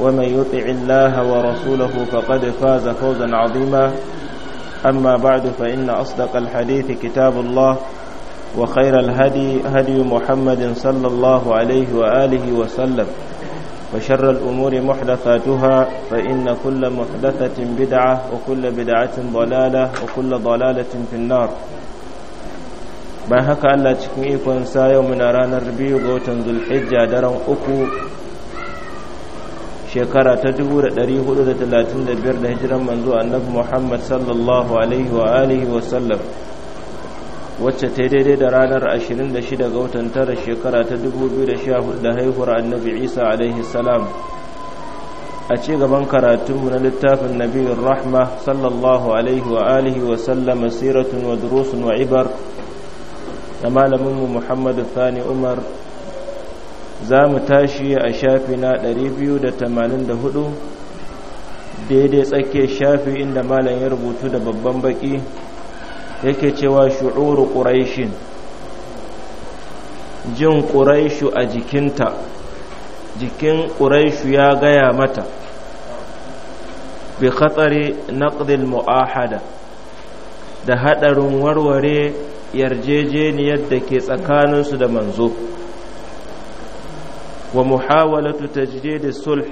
ومن يطع الله ورسوله فقد فاز فوزا عظيما أما بعد فإن أصدق الحديث كتاب الله وخير الهدي هدي محمد صلى الله عليه وآله وسلم وشر الأمور محدثاتها فإن كل محدثة بدعة وكل بدعة ضلالة وكل ضلالة في النار bayan haka Allah cikin ikonsa yau muna ranar biyu ga watan zulhijja daren uku shekara ta 435 da hijiran manzo annabi Muhammad sallallahu alaihi wa alihi wa sallam wacce ta daidai da ranar 26 ga watan tara shekara ta 2014 da haihuwar annabi Isa alaihi salam a ci gaban karatun karatunmu na littafin nabiyyar rahma sallallahu alaihi wa alihi wa sallama siratun wa durusun wa ibar da malaminmu Muhammadu Thani Umar za mu tashi a shafi na 284 daidai tsakiyar shafi inda malam ya rubutu da babban baki yake cewa shu'uru ƙuraishin jin ƙuraishu a jikinta jikin ƙuraishu ya gaya mata bi khatsari naqdil mu'ahada da haɗarin warware yarjejeniyar da ke tsakaninsu da manzo wa muhawalatu tajdid sulh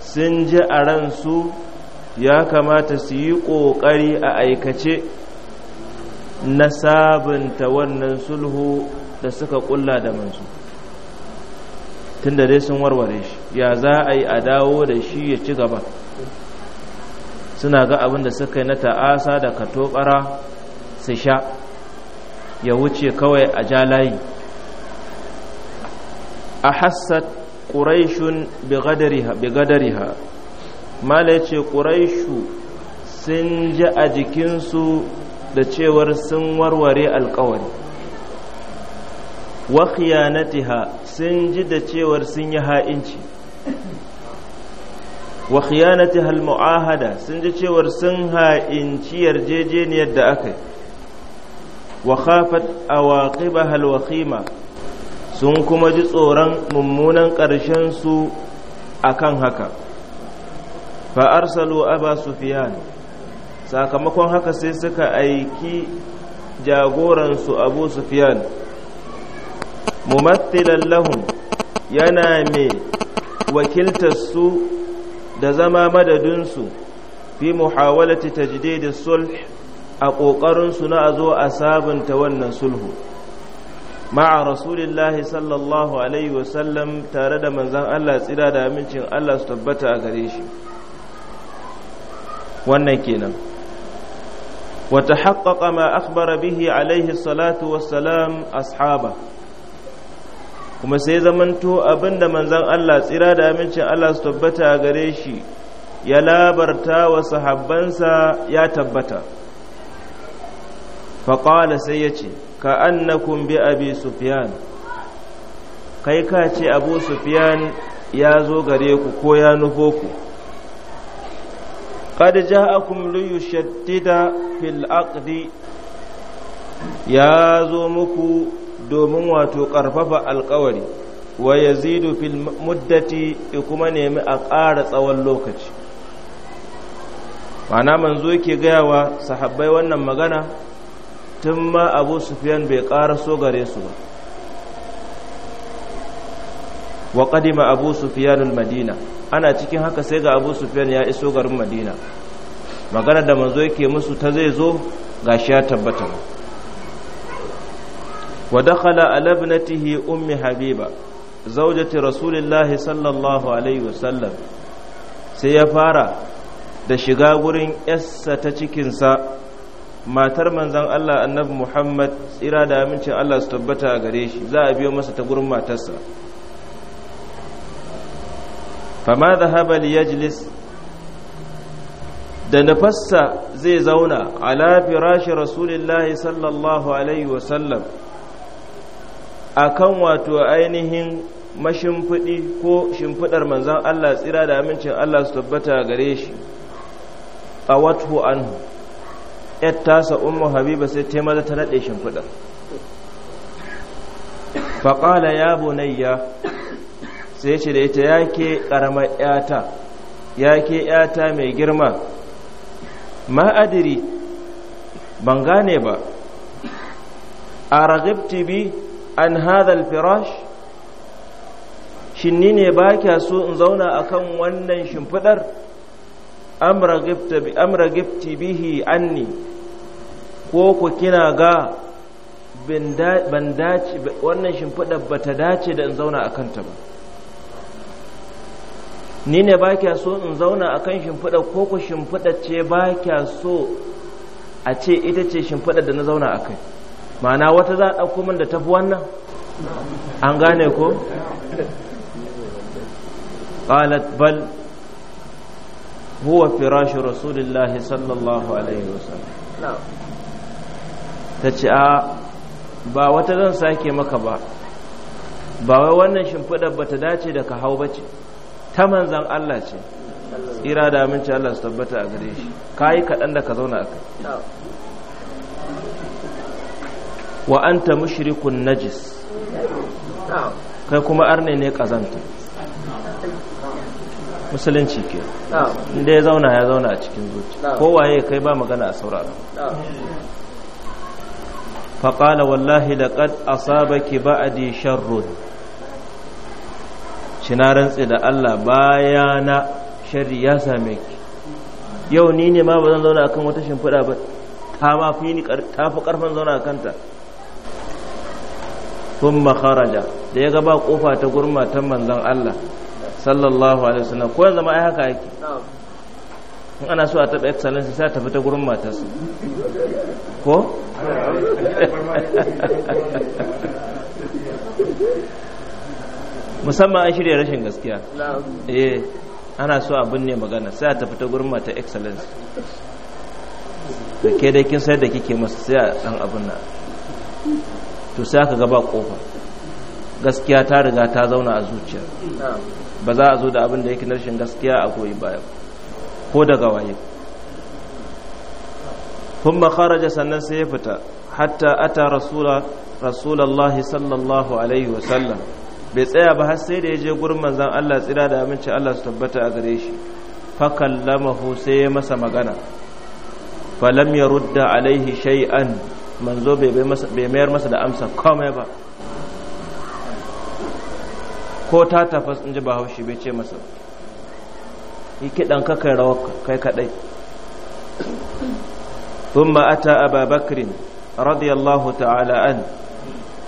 sun ji a ransu ya kamata su yi ƙoƙari a aikace na sabunta wannan sulhu da suka ƙulla da mansu tunda dai sun warware shi ya za a yi a dawo da shi ya ci gaba suna ga abin da suka yi na ta'asa da katokara su sha ya wuce kawai a ja layi ahassat quraishun bighadariha bighadariha mala yace quraishu sun ji a jikinsu da cewar sun warware alkawari wa khiyanatiha sun ji da cewar sun yi ha'inci wa khiyanatiha almu'ahada sun ji cewar sun ha'inci yarjejeniyar da aka yi wa khafat awaqibaha alwakhima sun kuma ji tsoron mummunan ƙarshen a kan haka fa'arsalu aba sufiyan sakamakon haka sai suka aiki jagoransu abu Mu mumattilan lahum yana mai wakiltar su da zama madadinsu fi muhawalati da sulh a ƙoƙarinsu na a zo a sabunta wannan sulhu ma'a rasulillahi sallallahu alaihi wasallam tare da manzan Allah tsira da amincin Allah su tabbata a gare shi wannan kenan wata haƙaƙa ma akhbara bihi Alayhi salatu wassalam ashaba kuma sai zamanto abinda manzan Allah tsira da amincin Allah su tabbata a gare shi ya labarta wa sahabbansa ya tabbata faƙala sai ya ce ka annakum bi abi sufyan kai ka ce abu sufyan ya zo gare ku ko ya nufo ku qad ja'akum li yushaddida fil aqdi ya zo muku domin wato karfafa alkawari wa yazidu fil muddati kuma nemi a ƙara tsawon lokaci ma'ana manzo yake gaya wa sahabbai wannan magana tun ma abu sufiyan bai ƙara so gare su ba wa ƙadima abu Sufiyanun madina ana cikin haka sai ga abu sufiyan ya iso garin madina magana da manzo yake musu ta zai zo ga shi ya tabbata wa dakhala ala ibnatihi ummi habiba zaujati rasulillahi sallallahu alaihi wasallam sai ya fara da shiga gurin yassa ta cikinsa matar manzan Allah annabi Muhammad tsira da amincin Allah su tabbata gare shi za a biyo masa ta gurin matarsa fama da habali ya jilis da nafassa zai zauna ala firashi rasulillahi sallallahu alaihi wasallam a kan wato ainihin mashimfiɗi ko shimfiɗar manzan Allah tsira da amincin Allah su tabbata gare shi a watu anhu tasa ummu habiba sai ta maza ta nade shimfiɗa faƙala ya bunayya sai ce da ita yake ƙaramar yata yake yata mai girma ma'adiri ban gane ba a ragibti bi an hadal firash shinni ne ba kya so in zauna akan wannan shimfiɗar am ragibti bihi anni ko ku kina ga ban dace wannan shimfiɗa ba ta dace da in zauna a kanta ba ni ne ba kya so in zauna a kan shimfiɗa ko ku shimfiɗa ce ba kya so a ce ita ce shimfiɗa da na zauna a kai ma'ana wata za a ɗauko min da tafi wannan an gane ko qalat bal huwa firashi rasulillahi sallallahu alaihi wasallam ta ce a ba wata zan sake maka ba ba wai wannan shimfiɗar ba ta dace da ka hau ba ce ta manzan Allah ce tsira da aminci Allah su tabbata a gare shi ka yi kaɗan da ka zauna a kai wa an ta mushrikun najis kai kuma arne ne ƙazanta musulunci ke inda ya zauna ya zauna a cikin zuci kowaye kai ba magana a saurara faƙala wallahi laƙad asabaki ba'adi sharrun shi na rantse da Allah bayana sharri ya same ki yau ni ne ma ba zan zauna akan wata shimfiɗa ba ta ma fi ni ta fi ƙarfin zauna a kanta sun makaraja da ya ga ba ƙofa ta gurma ta manzan Allah sallallahu alaihi wasallam ko yanzu ma ai haka yake in ana so a taɓa excellence sai ta fita gurin matarsa ko musamman an shirya rashin gaskiya eh ana so abin ne magana sai a tafi ta gurma ta excellence da ke dai kin sayar da kike masu sai a dan abin na to sai aka gaba kofa gaskiya ta riga ta zauna a zuciya ba za a zo da abin da yake na rashin gaskiya a goyi baya ko daga waye thumma kharaja sannan sai ya fita hatta ata rasula rasulullahi sallallahu alaihi wasallam bai tsaya ba har sai da ya je gurin manzon Allah tsira da aminci Allah su tabbata a gare shi fa sai ya masa magana falam yarudda alaihi shay'an manzo bai mayar masa da amsa komai ba ko ta tafas in ji bahaushe bai ce masa yi kiɗan ka kai rawar kai kaɗai thumma ata aba bakr radiyallahu ta'ala an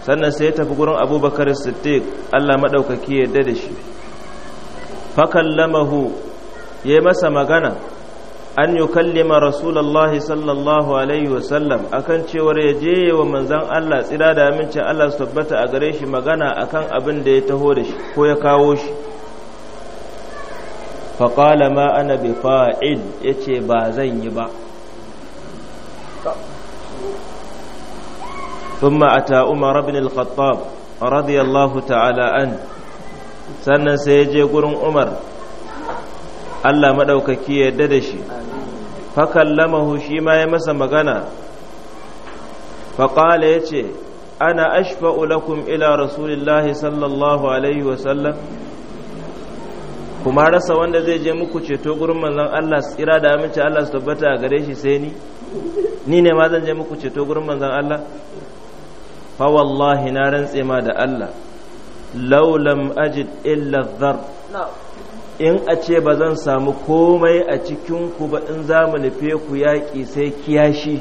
sannan sai ya tafi gurin abubakar siddiq Allah maɗaukaki yadda da shi fakallamahu ya yayi masa magana an yi kallima rasulallah sallallahu alaihi wasallam akan cewar ya je wa manzan Allah tsira da amincin Allah su tabbata a gare shi magana akan abin da ya taho da shi ko ya kawo shi faƙala ma ana bi fa'il ya ce ba zan yi ba ثم أتى عمر بن الخطاب رضي الله تعالى عنه sannan sai ya je gurin umar allah maɗaukaki ya yarda da shi fakallamahu shi ma ya masa magana faƙala ya ce ana ashfa'u lakum ila rasulillahi sallallahu alaihi wasallam kuma rasa wanda zai je muku ceto gurin manzan allah tsira da aminci allah su tabbata a gare shi sai ni ni ne ma zan je muku ceto gurin manzan Allah fa wallahi na rantse ma da Allah law lam ajid illa dhar in a ce ba zan samu komai a cikin ku ba in za mu nufe ku yaƙi sai kiyashi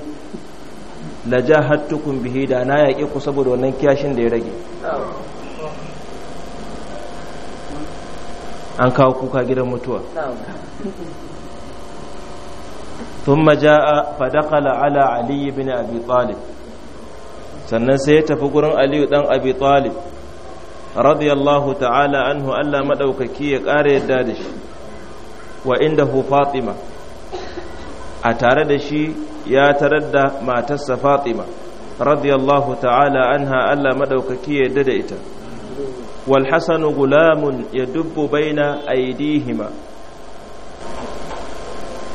la jahattukum bihi da na yaƙi ku saboda wannan kiyashin da ya rage an kawo kuka gidan mutuwa thumma jaa fa dakhala ala ali ibn abi sannan sai ya tafi gurin aliyu ɗan abi talib radiyallahu ta'ala anhu Allah madaukaki ya ƙara yadda da shi wa inda hu fatima a tare da shi ya tarar da matarsa fatima radiyallahu ta'ala anha Allah maɗaukaki ya yadda da ita wal hasanu gulamun ya dubbu baina aidihima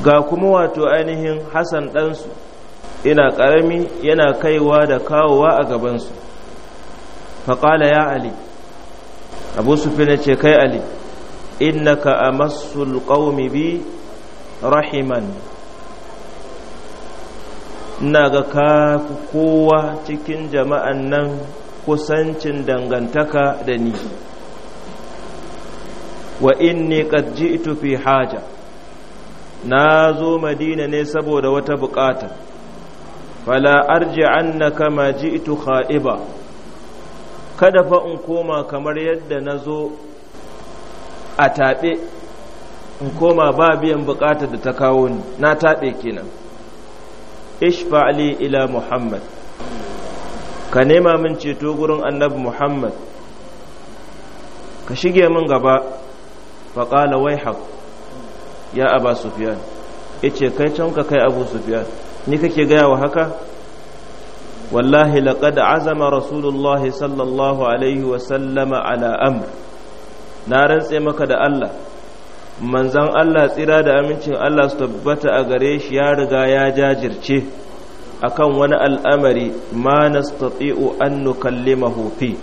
ga kuma wato ainihin hassan ɗansu ina ƙarami yana kaiwa da kawowa a gabansu faƙala ya ali abu su fi ce kai ali innaka a masul ƙaumi bi rahiman ina ga ka kowa cikin jama'an nan kusancin dangantaka da ni wa inni qad ji'tu fi haja na zo madina ne saboda wata bukata fala ma ji ji'tu kha'iba kada fa in koma kamar yadda na zo a taɓe in koma ba biyan bukatar da ta kawo ni na taɓe kenan ali ila muhammad ka nema min ceto gurin annabi muhammad ka shige min gaba faƙala wai haƙ ya aba sufiyan ya ce kai can ka kai abu sufiyan ni kake gaya wa haka wallahi laƙada azama rasulullah sallallahu alaihi wasallama ala amr na rantse maka da Allah manzan Allah tsira da amincin Allah su tabbata a gare shi ya riga ya jajirce akan wani al'amari ma nastati'u an nukallimahu mahofi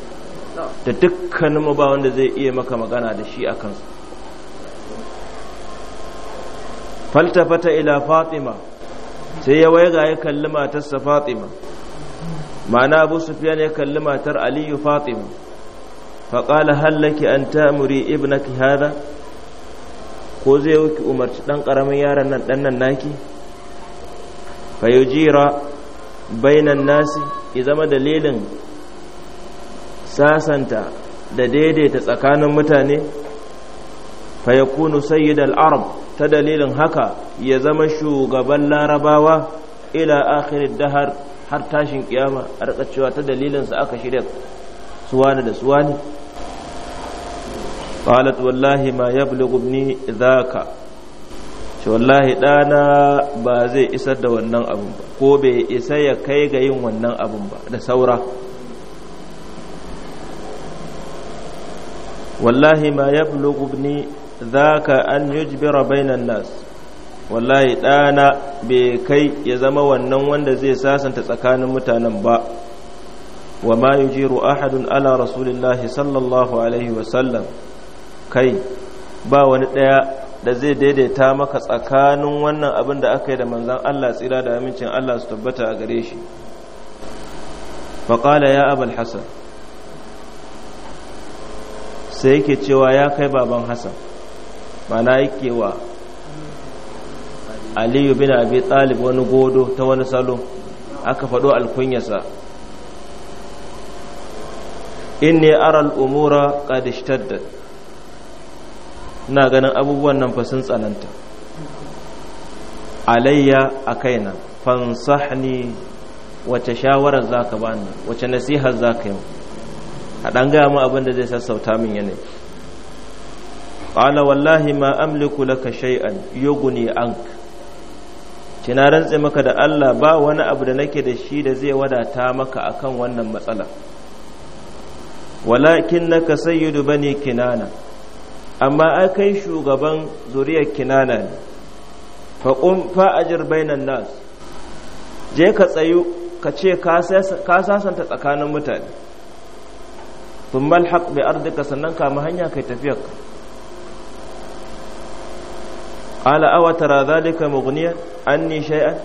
da mu ba wanda zai iya maka magana da shi a kansa faltafata ila fatima sai ya waiga ya kalli matarsa fatima ma'ana abu sufiyan ya kalli matar aliyu fatima faƙala hallaki an tamuri ibnaki hada ko zai wuki umarci ɗan ƙaramin yaran nan ɗan nan naki fayujira bainan nasi ya zama dalilin sasanta da daidaita tsakanin mutane fayakunu sayyid al-arab ta dalilin haka ya zama shugaban larabawa ila akhirin dahar har tashin kiyama a rika cewa ta dalilinsa aka shirya suwani da suwani qalat wallahi ma yablugu ibni zaka ce wallahi dana ba zai isar da wannan abun ba ko bai isa ya kai ga yin wannan abun ba da saura wallahi ma yablugu ibni zaka an yujbira bainan nas wallahi ɗana bai kai ya zama wannan wanda zai sasanta tsakanin mutanen ba wa ma yujiru ahadun ala rasulillahi sallallahu alaihi sallam, kai ba wani ɗaya da zai daidaita maka tsakanin wannan abin da aka yi da manzan Allah tsira da amincin Allah su tabbata a gare shi faƙala ya abal hasan sai yake cewa ya kai baban hasan mana yake wa aliyu bin abi talib wani godo ta wani salo aka faɗo alkunyasa inni aral umura qad ishtaddat ina ganin abubuwan nan fa sun tsananta alayya a kaina fansahni wace shawarar zaka bani wace nasihar zaka yi a ɗan gaya mu abin da zai sassauta min yanayi qala wallahi ma amliku laka shay'an yughni ank kina rantse maka da Allah ba wani abu da nake da shi da zai wadata maka akan wannan matsala walakin naka sayyidu bani kinana amma ai kai shugaban zuriyar kinana ne fa qum bainan nas je ka tsayu ka ce ka sasanta tsakanin mutane thumma alhaq bi ardika sannan ka hanya kai tafiyarka ala aw tara zalika mughniya anni shay'an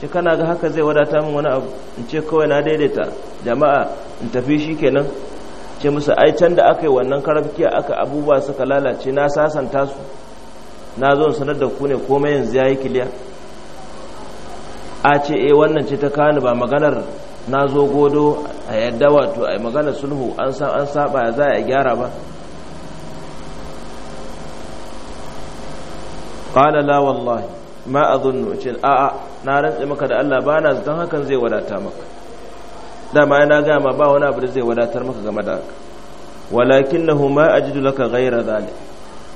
shi kana ga haka zai wadata min wani abu in ce kawai na daidaita jama'a in tafi shi kenan ce musu ai can da aka yi wannan karafkiya aka abubuwa suka lalace na sasanta su na zo sanar da ku ne komai yanzu yayi kiliya a ce eh wannan ce ta kani ba maganar na zo godo a yadda wato a maganar sulhu an san an saba za a gyara ba qala la wallahi ma adhunnu ce a a na rantsa maka da Allah bana zaton hakan zai wadata maka dama na ga ma ba wani abu da zai wadatar maka game da haka walakinahu ma ajidu laka ghayra zalik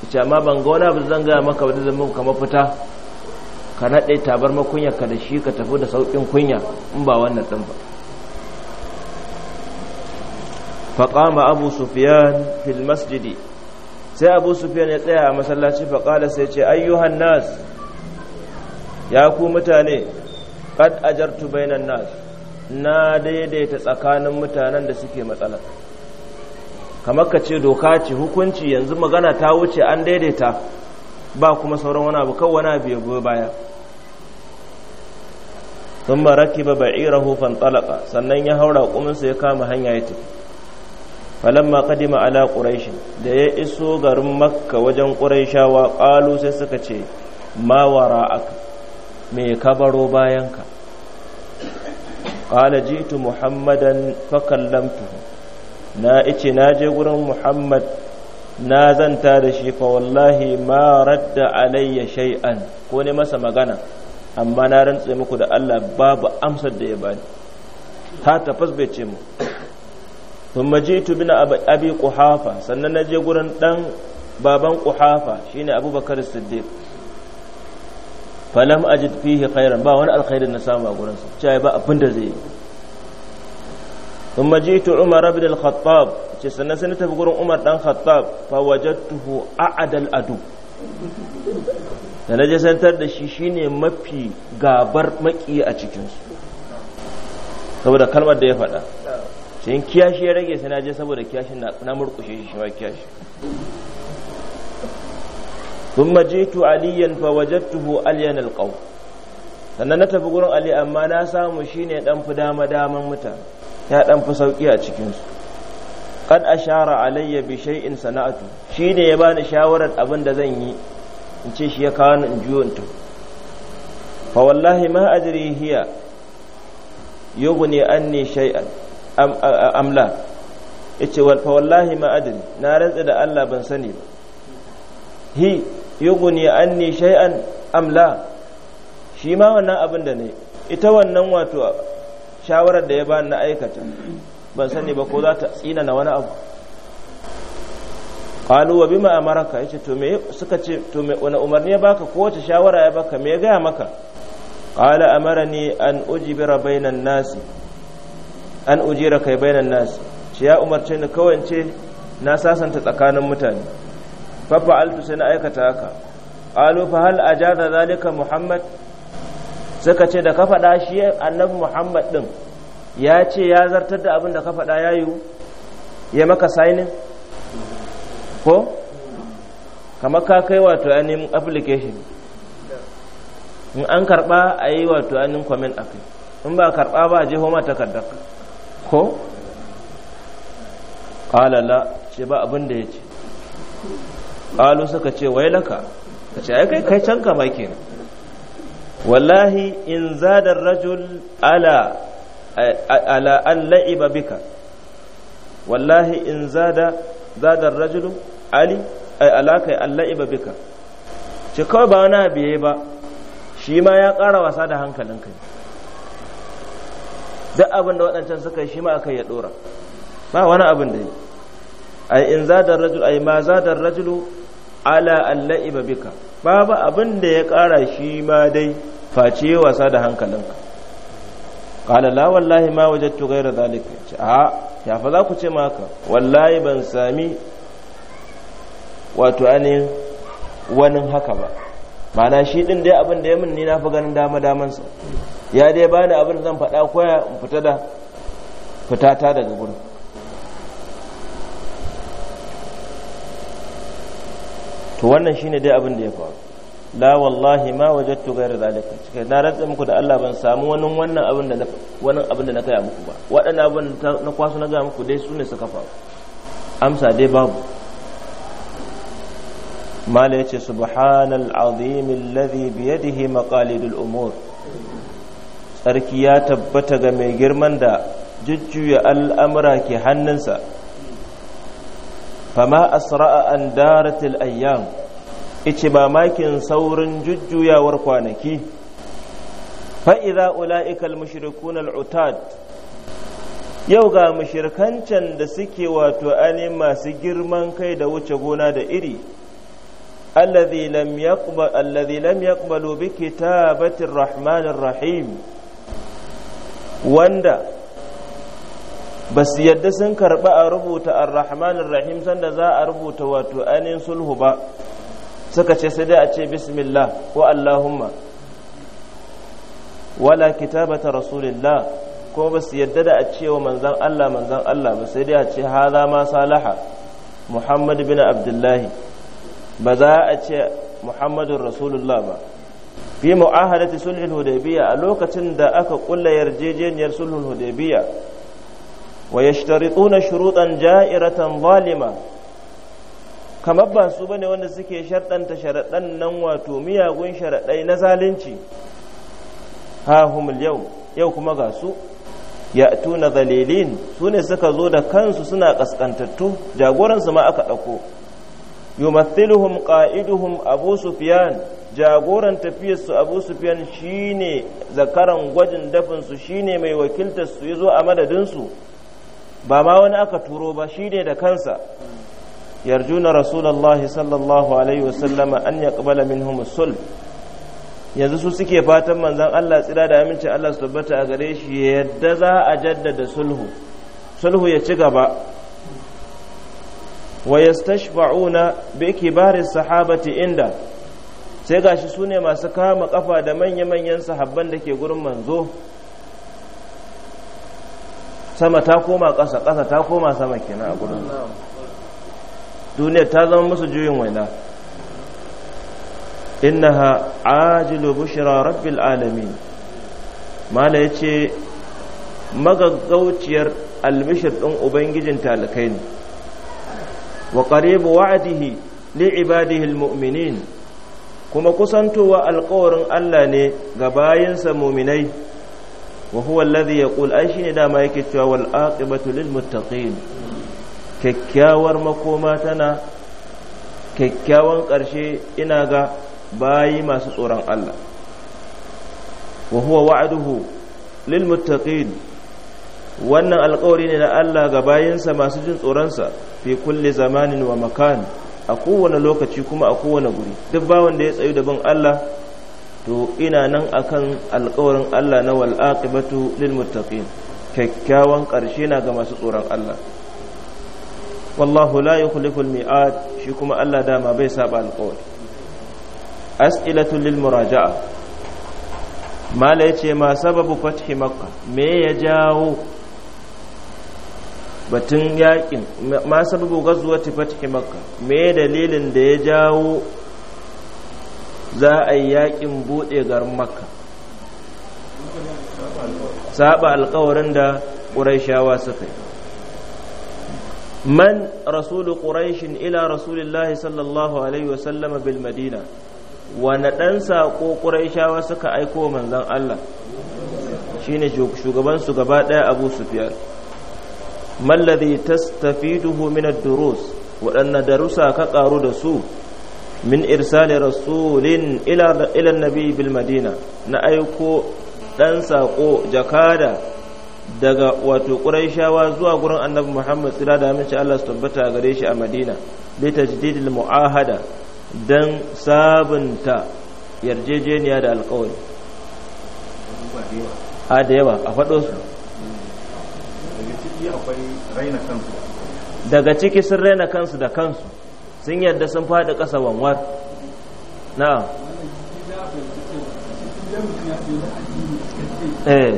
kice amma ban ga wani abu zan ga maka wani zan muku kamar fita ka nade tabar makunya ka da shi ka tafi da saukin kunya in ba wannan din ba ma Abu Sufyan fil masjidi sai abu sufiyan ya tsaya a masallaci faƙala sai ce ayyuhan nas ya ku mutane ƙad ajartu bainan nas na daidaita tsakanin mutanen da suke matsala kamar ka ce doka ce hukunci yanzu magana ta wuce an daidaita ba kuma sauran wani abu kawai wani abu ya goyi baya sun ba rakiba ba'irahu tsalaka sannan ya haura kuminsa ya kama hanya ya tafi falamma kadima ala quraish da ya iso garin makka wajen quraishawa qalu sai suka ce ma wara'aka me ka baro bayanka qala jitu muhammadan fa na ice na je gurin muhammad na zanta da shi fa wallahi ma radda alayya shay'an ko ne masa magana amma na rantse muku da Allah babu amsar da ya bani ta tafas bai ce mu sun majitu bin abi kuhafa sannan na je gurin ɗan baban kuhafa shine abubakar siddiq falam ajid fihi khairan ba wani alkhairin na samu a gurinsa cewa ba abin da zai yi ثم جئت عمر بن الخطاب ce sannan sai tafi gurin Umar dan Khattab fa tuhu a'adal adu da naje santar da shi shine mafi gabar maki a cikinsu. su saboda kalmar da ya faɗa sai in kiyashi ya rage sai na je saboda kiyashin na murkushe shi ma kiyashi thumma jitu aliyan fa wajadtuhu aliyan alqaw sannan na tafi gurin ali amma na samu shine dan fi dama daman mutane ya dan fi sauki a cikin su a ashara alayya bi shay'in sana'atu shine ya bani shawarar abin da zan yi in ce shi ya kawo ni in juyo in tafi fa wallahi ma ajri hiya yughni anni shay'an amla Ya ce fa wallahi ma na rantsa da Allah ban sani ba hi yughni anni shay'an amla shi ma wannan abin da ne ita wannan wato shawarar da ya ba na aikata ban sani ba ko za ta tsina na wani abu qalu wa bima amaraka yace to me suka ce to me wani umarni ya baka ko wace shawara ya baka me ya gaya maka qala ne an ujibira bainan nasi an ujira kai bainan nas shi ya umarce ni kawai ce na sasanta tsakanin mutane fa altu sai na aikata haka alu fa hal ajaza zalika muhammad suka ce da ka faɗa shi annabi muhammad din ya ce ya zartar da abin da ka faɗa ya yiwu ya maka sainin ko kamar ka kai wato ainihin application in an karɓa a yi wato ainihin comment a kai in ba karɓa ba a je homa takardar ko ƙalala ce ba abin da ya ce ƙalu suka ce wai laka ka ce aikai kai can kama ke wallahi in zadar rajul ala ala an la'iba bika wallahi in zada zadar rajul ali ala alakai an la'iba bika ce kawai ba wani abiye ba shi ma ya ƙara wasa da hankalinka ne duk abin da waɗancan suka yi shi ma akai ya ɗora ba wani abin da yi ai in zadar rajul ai ma zadar rajulu ala allai ba bika ba ba abin da ya ƙara shi ma dai face wasa da hankalinka qala la wallahi ma wajadtu ghayra zalika a ya fa za ku ce maka wallahi ban sami wato anin wani haka ba mana shi din dai abin da ya min ni na fi ganin dama damansa ya dai bani abin zan faɗa koya in fita da fitata daga gurin to wannan shine dai abin da ya faru la wallahi ma wajattu ghayra zalika cike na rantsa muku da Allah ban samu wani wannan abin da wani abin da na kai muku ba waɗannan abin na kwaso na ga muku dai sune suka faru amsa dai babu mala ya ce subhanal azimin ladhi biyadihi maqalidul umur tsarki ya tabbata ga mai girman da jujjuya al'amura ke hannunsa fama asra'a an daratil ayyam ice ba saurin jujjuyawar kwanaki fa'iza ula'ikal mashirikun al'utad yau ga mashirkancan da suke wato ainihin masu girman kai da wuce gona da iri الذي لم يقبل الذي لم يقبل بكتابة الرحمن الرحيم وندا بس يد سن كربا ربوت الرحمن الرحيم سن ذا ربوت واتو أنين سلهو با سكتش سدا أتي بسم الله واللهم ولا كتابة رسول الله ko ba su yadda da a cewa manzan Allah manzan Allah ba sai dai a ce haza ma salaha Muhammad bin Abdullahi ba za a ce muhammadun rasulullah ba fi mu'ahadati sulhul hudaybiyya a lokacin da aka kulla yarjejeniyar sulhul hudaybiyya wa yashtarituna shurutan ja'iratan zalima kamar ba su bane wanda suke sharɗanta sharaɗan nan wato miyagun sharaɗai na zalunci ha humul yau yau kuma ga su ya tuna zalilin su ne suka zo da kansu suna ƙasƙantattu jagoransu ma aka ɗauko yumathiluhum qa'iduhum abu sufyan jagoran tafiyar su abu sufyan shine zakaran gwajin dafin su shine mai wakiltar su yazo a madadin su ba ma wani aka turo ba shine da kansa yarjuna rasulullahi sallallahu alaihi wasallama an yaqbala minhum sulh yanzu su suke fatan manzan Allah tsira da amincin Allah su tabbata a gare shi yadda za a jaddada sulhu sulhu ya ci gaba wa yastashfa'una bi kibari sahabati inda sai gashi su ne masu kama kafa da manya-manyan sahabban da ke gurin manzo sama ta koma ƙasa ƙasa ta koma sama kenan a gurin duniya ta zama musu juyin waina innaha ajilu bushra rabbil alamin mala yace magaggauciyar albishir din ubangijin talakai ne wa qaribu wa'dihi li ibadihi almu'minin kuma kusantowa alkawarin Allah ne ga bayansa muminai wa huwa alladhi yaqul ai shine dama yake cewa wal aqibatu lil muttaqin kyakkyawar makoma tana kyakkyawan ƙarshe ina ga bayi masu tsoron Allah wa huwa wa'aduhu lil muttaqin wannan alƙawari ne na Allah ga bayansa masu jin tsoronsa fi kulli zamanin wa makan a kowane lokaci kuma a kowane guri duk bawan da ya tsayu da bin Allah to ina nan akan alƙawarin Allah na wal aqibatu lil muttaqin kyakkyawan ƙarshe na ga masu tsoron Allah wallahu la yukhlifu al mi'ad shi kuma Allah dama bai saba alƙawari as'ilatu lil muraja'a mala yace ma sababu fathi makka me ya jawo batun yakin ma sababu gazuwati fathi makka me dalilin da ya jawo za a yi yakin bude garin makka saba alkawarin da ƙuraishawa suka yi man rasul ƙuraishin ila rasulillahi sallallahu alaihi wasallama bil madina wane ɗan saƙo ƙuraishawa suka aiko manzan allah shine shugabansu gaba ɗaya abu sufiyar mallazi tastafiduhu min ad-durus waɗanne darussa ka ƙaru da su min irsali rasulin ila ila nabi bil madina na aiko dan sako jakada daga wato quraishawa zuwa gurin annabi muhammad sallallahu da wasallam Allah su tabbata gare shi a madina bi tajdidil muahada dan sabunta yarjejeniya da alƙawari a da a faɗo su ciki akwai raina kansu daga ciki sun raina kansu da kansu sun yadda sun faɗi ƙasa wanwar na'am eh.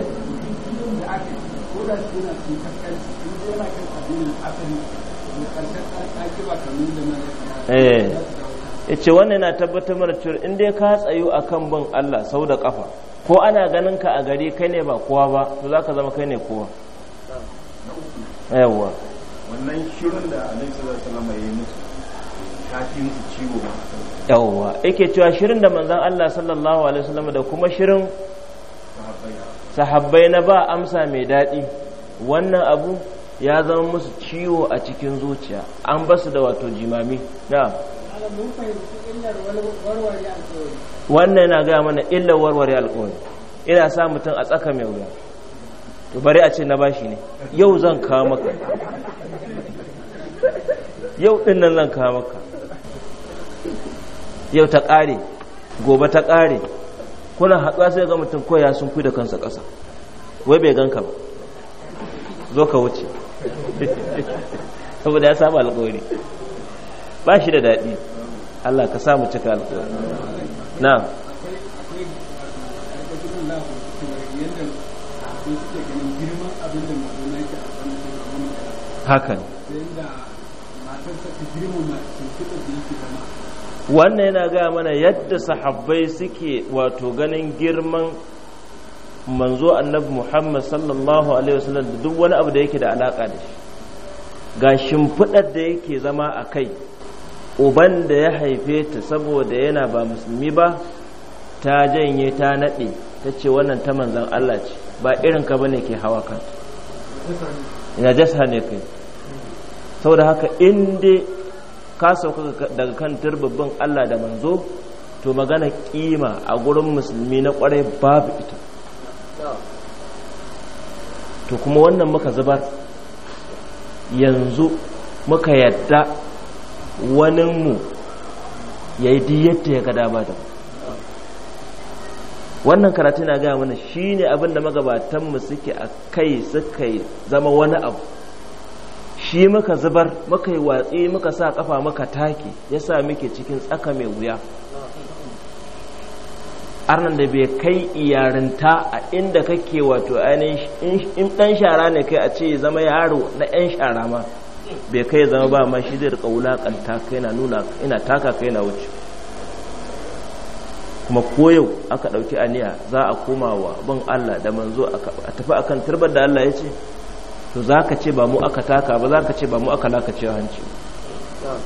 eh. ya ce wannan na tabbatar mana cewa in dai ka tsayu a kan bin Allah sau da ƙafa ko ana ganin ka a gari kai ne ba kowa ba to za ka zama kai ne kowa yawa wannan shirin da alaihi sallallahu alaihi musu ta fi musu ciwo ma yawa yake cewa shirin da manzan Allah sallallahu alaihi wasallam da kuma shirin sahabbai na ba amsa mai daɗi wannan abu ya zama musu ciwo a cikin zuciya an ba su da wato jimami na wannan yana gaya mana illar warware alƙawari ina sa mutum a tsaka mai wuya to bari a ce na bashi ne yau zan kawo maka yau ɗin nan zan kawo maka yau ta ƙare gobe ta ƙare kuna haɗuwa sai ga mutum koya sun fi da kansa ƙasa wai bai ganka ba zo ka wuce saboda ya samu alƙawari ba shi da daɗi Allah ka samu cika alƙawari na'am hakan wannan yana gaya mana yadda sahabbai suke wato ganin girman manzo annabi muhammad sallallahu alaihi wasallam da duk wani abu da yake da alaka da shi ga shimfiɗar da yake zama a kai uban da ya haife ta saboda yana ba musulmi ba ta janye ta naɗe ta ce wannan ta manzan allah ce ba irin ka bane ke hawa kanta najasa ne kai saboda haka in dai ka sauka daga kan turbabban Allah da manzo to magana kima a gurin musulmi na kwarai babu ita to kuma wannan muka zubar yanzu muka yadda waninmu ya yi yadda ya ga ba da mu wannan karatu na gaya mana shine abin da magabatanmu suke a kai suka zama wani abu shi muka zubar muka yi watsi muka sa kafa muka taki, ya sa muke cikin tsaka mai wuya arnan da bai kai iyarinta a inda kake wato ainihin in dan shara ne kai a ce zama yaro na yan shara ma bai kai zama ba ma shi zai rika wulakanta kai na nuna ina taka kai na wuce kuma koyau aka ɗauki aniya za a koma wa bin Allah da manzo a tafi akan turbar da Allah ya ce to za ka ce ba mu aka taka ba za ka ce ba mu aka lakace hanci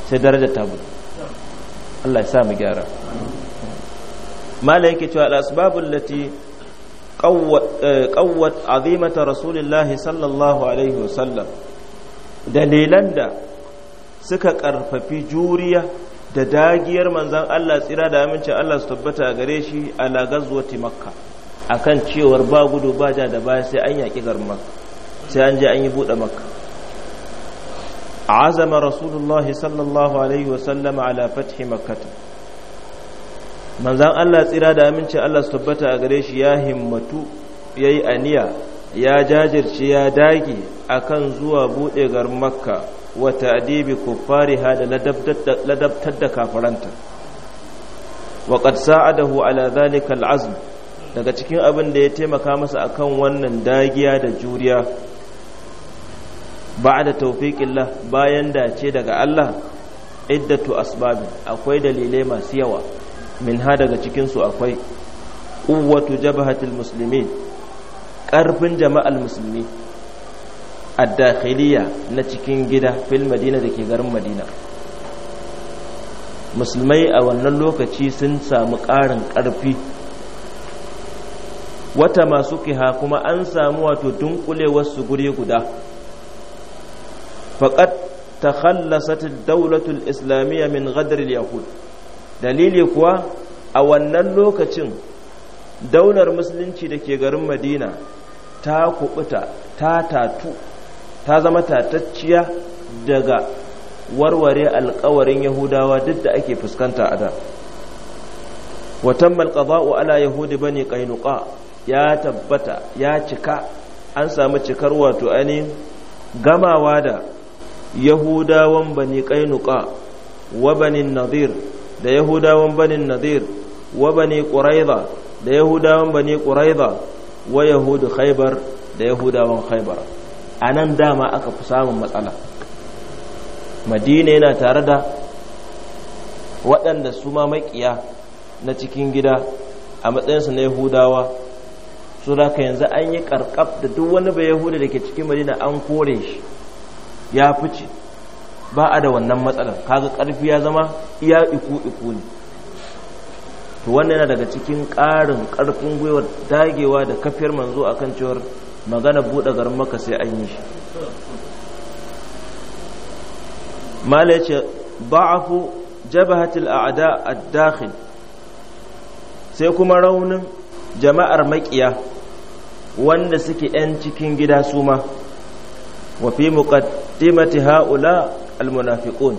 sai daraja ta bu Allah ya sa mu gyara mala yake cewa al-asbabul lati eh, qawwat azimata rasulullah sallallahu alaihi wasallam dalilan da suka karfafi juriya da dagiyar manzan Allah tsira da amincin Allah su tabbata gare shi a lagazuwati makka kan cewar ba gudu ba ja da baya sai an yaƙi garma sai an je an yi buɗe makka azama rasulullahi sallallahu alaihi wasallama ala fathi makkata manzan Allah tsira da amincin Allah su tabbata a gare shi ya himmatu ya yi aniya ya jajirce ya dage akan zuwa buɗe garin makka wa ta'dibi kuffariha da ladabtar da kafaranta wa qad sa'adahu ala dhalika al'azm daga cikin abin da ya taimaka masa akan wannan dagiya da juriya ba'da tawfiqillah bayan dace daga Allah iddatu asbab akwai dalilai masu yawa min ha daga cikin su akwai quwwatu jabhatil muslimin ƙarfin jama'al musulmi addakhiliya na cikin gida fil madina da ke garin madina musulmai a wannan lokaci sun samu ƙarin ƙarfi wata masu kiha kuma an samu wato dunkulewarsu guri guda faƙat ta hallasata daulatul islamiyya min gadaril yahud dalili kuwa a wannan lokacin daular musulunci da ke garin madina ta kubuta ta tatu ta zama tatacciya daga warware alkawarin yahudawa duk da ake fuskanta a da watammal qada'u ala yahudi bani qainuqa ya tabbata ya cika an samu cikar wato ani gamawa da yahudawan bani qainuqa wa bani nadir da yahudawan bani nadir wa bani quraiza da yahudawan bani quraiza wa yahud khaybar da yahudawan khaybar a nan dama aka fi samun matsala madina yana tare da waɗanda su ma maƙiya na cikin gida a matsayinsu na yahudawa su raka yanzu an yi ƙarƙaf da duk wani bai yahuda da ke cikin madina an kore shi ya fice ba a da wannan matsalar kaga ƙarfi ya zama iya iku iku ne to wannan yana daga cikin ƙarin ƙarfin gwiwar dagewa da kafiyar manzo akan cewar magana buɗe garin maka sai an yi shi mala ce ba'afu jabahatil a'ada ad-dakhil sai kuma raunin jama'ar maƙiya. wanda suke 'yan cikin gida su ma wa fi muqaddimati haula almunafiqun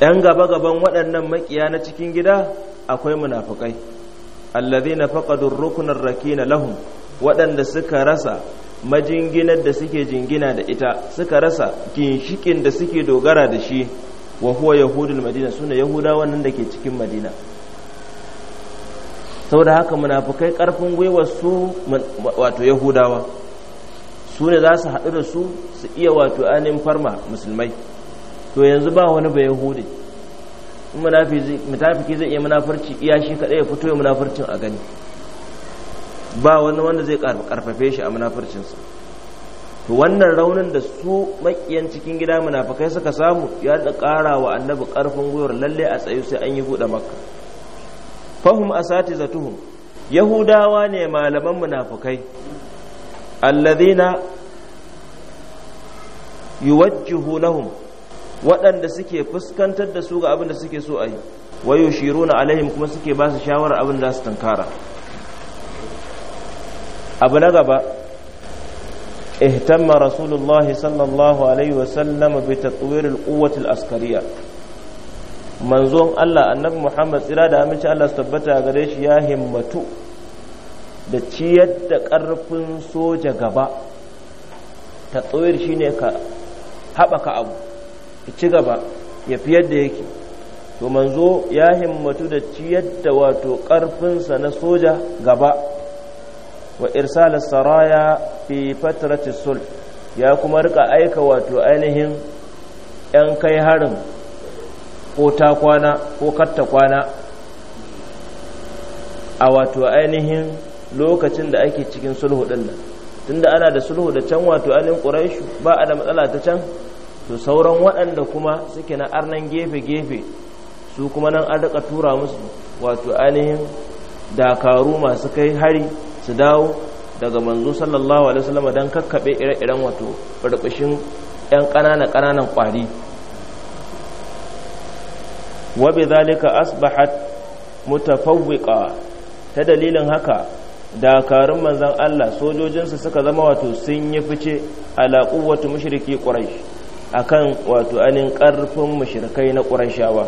ɗan gaba-gaban waɗannan maƙiya na cikin gida akwai munafukai allazina faqadu ar-rukna ar-rakina lahum waɗanda suka rasa majinginar da suke jingina da ita suka rasa ginshikin da suke dogara da shi wa huwa yahudul madina suna yahuda nan da ke cikin madina saboda haka munafukai karfin gwiwar su wato yahudawa su ne za su haɗu da su su iya wato ainihin farma musulmai to yanzu ba wani ba yahudi munafiki zai iya munafurci iya shi kaɗai ya fito ya munafurcin a gani ba wani wanda zai karfafe shi a munafircinsa to wannan raunin da su makiyan cikin gida munafukai suka samu ya da ƙara wa annabi karfin gwiwar lalle a tsayu sai an yi buɗe makka fahum asati zatuhum yahudawa ne malaman munafakai alladhina yuwajjihu lahum waɗanda suke fuskantar da su ga abin da suke so a yi wayo shiruna alaihim kuma suke ba su shawarar abin da su tankara abu na gaba ihtamma rasulullahi sallallahu alaihi wasallam bi tatwiril quwwatil askariya manzon Allah annabi Muhammad tsira da aminci Allah su tabbata gare shi ya himmatu da ciyar da ƙarfin soja gaba ta tsoyar shi ne ka haɓaka abu ci gaba ya fi yadda yake to manzo ya himmatu da ciyar da wato ƙarfinsa na soja gaba wa irsal saraya fi fatrati sulh ya kuma rika aika wato ainihin yan kai harin ko ta kwana ko katta kwana a wato ainihin lokacin da ake cikin sulhu din nan tunda ana da sulhu da can wato ainihin quraishu ba a da matsala ta can to sauran waɗanda kuma suke na arnan gefe-gefe su kuma nan an rika tura musu wato ainihin dakaru masu kai hari su dawo daga manzo sallallahu alaihi wasallam dan kakkabe ire-iren wato burbushin yan ƙananan ƙananan ƙwari wa zalika asbahat mutafawwiqa ta dalilin haka dakarun manzon Allah sojojinsa suka zama wato sun yi fice ala quwwatu mushriki quraish akan wato anin karfin mushrikai na qurayshawa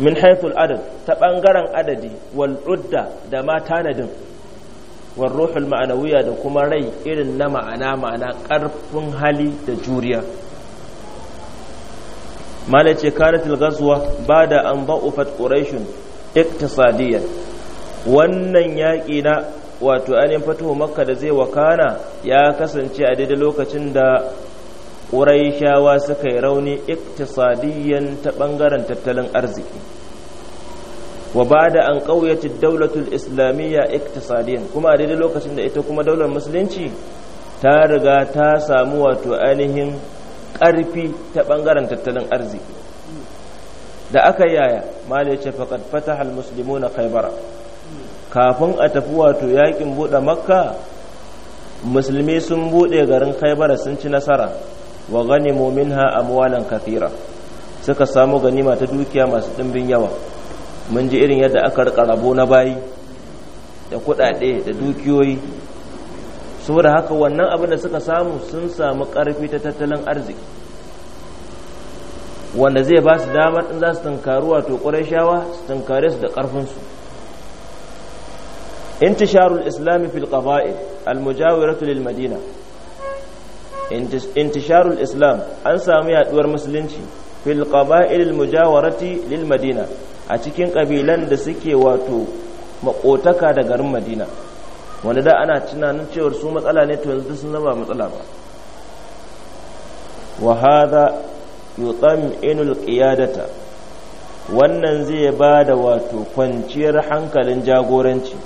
min al adad ta bangaren adadi wal udda da ma tanadin war ruhul ma'anawiya da kuma rai irin na ma'ana ma'ana ƙarfin hali da juriya mala ce kanatil gazuwa ba da an ba'ufat ƙorashin iktisadiyar wannan yaƙi na wato ainihin fatuhu makka da zai wakana ya kasance a daidai lokacin da ƙuraishawa suka yi rauni iktisadiyan ta ɓangaren tattalin arziki wa ba da an ƙauyaci daulatul islamiyya iktisadiyan kuma a daidai lokacin da ita kuma daular musulunci ta riga ta samu wato ainihin ƙarfi ta ɓangaren tattalin arziki da aka yaya malai ce faƙad hal musulmi na kaibara kafin a tafi wato yaƙin buɗe makka musulmi sun buɗe garin kaibara sun ci nasara wa ganimu a amwalan kafira suka samu ganima ta dukiya masu ɗimbin yawa mun ji irin yadda aka rika rabo na bayi da kuɗaɗe da dukiyoyi saboda haka wannan abin da suka samu sun samu ƙarfi ta tattalin arziki wanda zai ba su damar in za su tunkari wato shawa su tunkare su da ƙarfinsu intisharul islami fil qaba'il al-mujawiratu lil madina intisharul islam an samu yaduwar musulunci fil qaba'il al-mujawarati lil madina a cikin ƙabilan da suke wato makotaka da garin madina wanda da ana tunanin cewar su matsala ne to yanzu sun zama matsala ba wa hadha inul alqiyadata wannan zai ba da wato kwanciyar hankalin jagoranci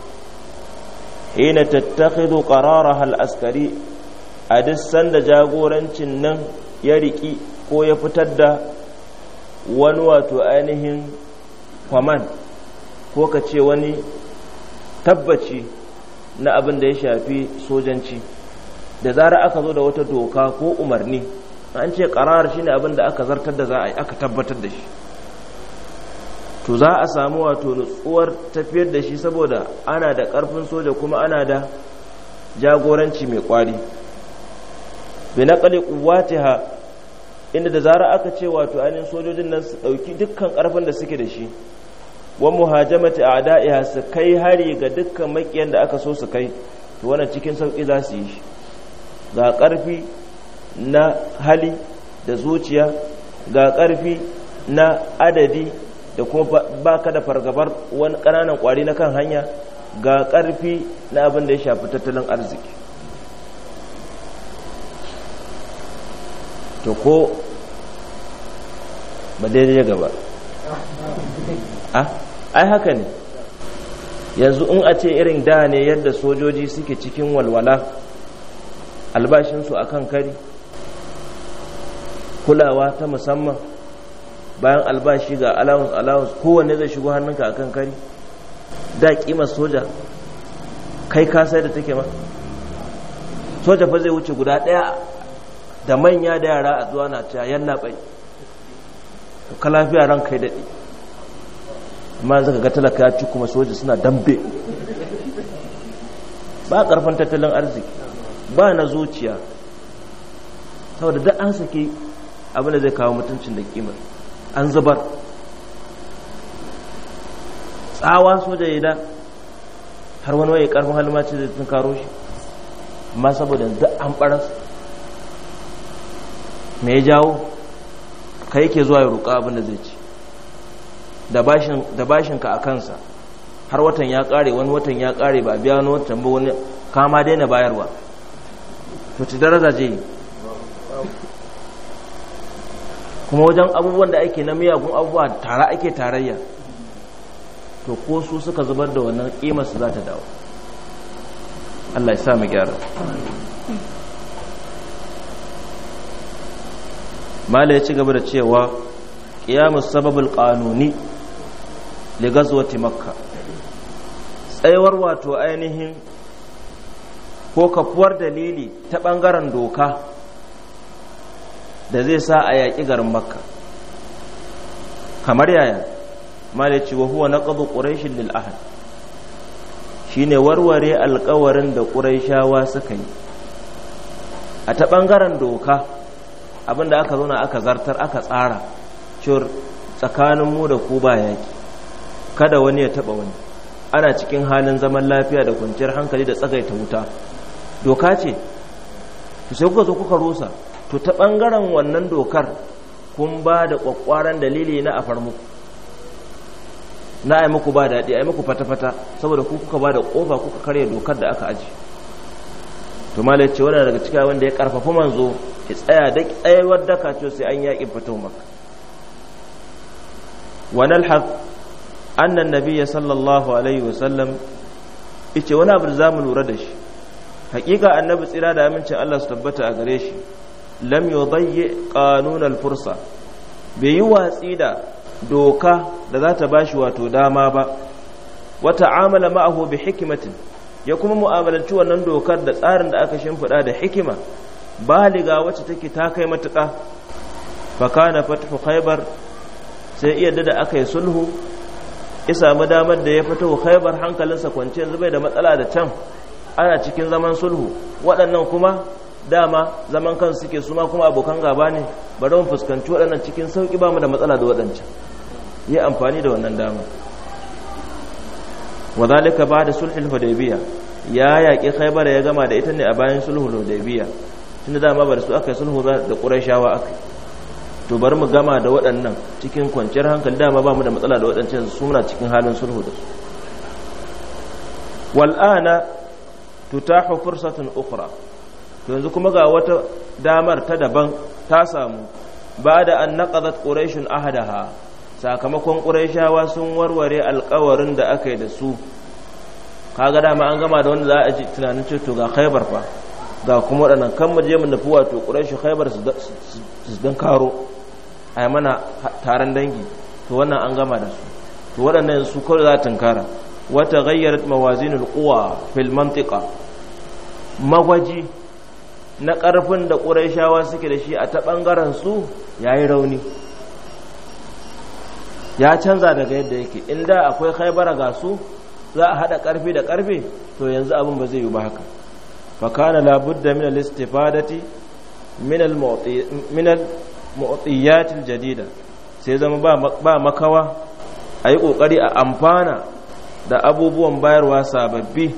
hina tattakhidhu qararaha al-askari a duk sanda jagorancin nan ya riki ko ya fitar da wani wato ainihin kwaman ko ka ce wani tabbaci na abin da ya shafi sojanci da zara aka zo da wata doka ko umarni an ce karar shine abin da aka zartar da za a yi aka tabbatar da shi to za a samu wato nutsuwar tafiyar da shi saboda ana da karfin soja kuma ana da jagoranci mai kwari bi kuwace ha. inda da zara aka ce wato ainihin sojojin nan su dauki dukkan karfin da suke da shi wa muhajamati a'da'iha su kai hari ga dukkan makiyan da aka so su kai to wannan cikin sauki za su yi ga ƙarfi na hali da zuciya ga ƙarfi na adadi da kuma ba ka da fargabar wani ƙananan ƙwari na kan hanya ga ƙarfi na abin da ya shafi tattalin arziki to ko ba daidai gaba ah ai haka ne yanzu in a ce irin da ne yadda sojoji suke cikin walwala albashinsu a kan kari kulawa ta musamman bayan albashi ga allowance allowance kowanne zai shigo hannunka a kan kari da kimar soja kai kasai da take ma soja fa zai wuce guda daya da manya da yara a zuwa na cewa yan labai kalafiya ran kai daɗi amma zaka ga talaka ya ci kuma soja suna dambe ba karfin tattalin arziki ba na zuciya saboda duk an sake abin da zai kawo mutuncin da kimar an zubar tsawa soja ya da har wani waye karfin halma da tun karo shi amma saboda duk an baras me ya jawo kai ke zuwa ya roƙa abin da zai ci da bashin ka a kansa har watan ya kare wani watan ya kare ba biya wani watan ba wani kama daina bayarwa to ci daraja je kuma wajen abubuwan da ake na miyagun abubuwa tara ake tarayya to ko su suka zubar da wannan su za ta dawo Allah ya sa mu gyara mala ya ci gaba da cewa kiyamus sababul ƙanuni ligazwati makka tsayawar wato ainihin ko kafuwar dalili ta ɓangaren doka da zai sa a yaƙi garin makka kamar yaya malaci wa huwa na ƙazu ƙurashin lil'ahad shi ne warware alkawarin da ƙurashawa suka yi a ta ɓangaren doka abinda aka zauna aka zartar aka tsara tsakanin tsakaninmu da ku ba yaƙi kada wani ya taba wani ana cikin halin zaman lafiya da kwanciyar hankali da tsagaita wuta doka ce to sai kuka zo kuka rusa to ta bangaren wannan dokar kun ba da kwakwaran dalili na a farmu na ai muku ba daɗi ai muku fata-fata saboda ku kuka ba da ƙofa kuka karya dokar da aka aji to malai ce wannan daga cikin wanda ya karfafa manzo ya tsaya da tsayawar daka to sai an yaƙi fito maka wa nalhaq annan nabiya sallallahu alaihi wasallam ice wani abu da za mu lura da shi hakika annabi tsira da amincin Allah su tabbata a gare shi lam yudayyi qanun al-fursa bai yi watsi da doka da za ta bashi wato dama ba wata amala ma'ahu bi hikimatin ya kuma mu'amalanci wannan dokar da tsarin da aka shimfiɗa da hikima baliga wacce take ta kai matuƙa fa kana fathu khaybar sai iya da aka yi sulhu ya samu damar da ya fito khaibar hankalinsa kwance yanzu bai da matsala da can ana cikin zaman sulhu waɗannan kuma dama zaman kan suke suma kuma abokan gaba ne bari mu fuskanci waɗannan cikin sauƙi ba mu da matsala da waɗancan yi amfani da wannan dama wadalika ba da sulhul hudaybiya ya yaƙi khaibar ya gama da ita ne a bayan sulhul hudaybiya tunda dama bar su aka sulhu da qurayshawa aka to bari mu gama da waɗannan cikin kwanciyar hankali dama ba mu da matsala da waɗancan su suna cikin halin sulhu da su wal'ana tutahu fursatun ukura to yanzu kuma ga wata damar ta daban ta samu ba da an naqadat quraish ahadaha sakamakon ƙurashawa sun warware alƙawarin da aka yi da su kaga dama an gama da wanda za a ji tunanin ce to ga khaibar fa ga kuma waɗannan kan mu je mu nufi wato quraish khaibar su dan karo a yi mana taron dangi to wannan an gama da su to waɗannan su kawai za tunkara wata gayyarar mawazinul kuwa filmantika magwaji na ƙarfin da ƙurai ƙuraishawa suke da shi a ta ɓangaren su ya yi rauni ya canza daga yadda yake inda akwai khaibara ga su za a haɗa ƙarfi da ƙarfi, to yanzu abin ba zai yi ba haka fakana labudda al-istifadati istifadati minal mu'tiyatin jadida sai zama ba makawa a yi ƙoƙari a amfana da abubuwan bayarwa sababbi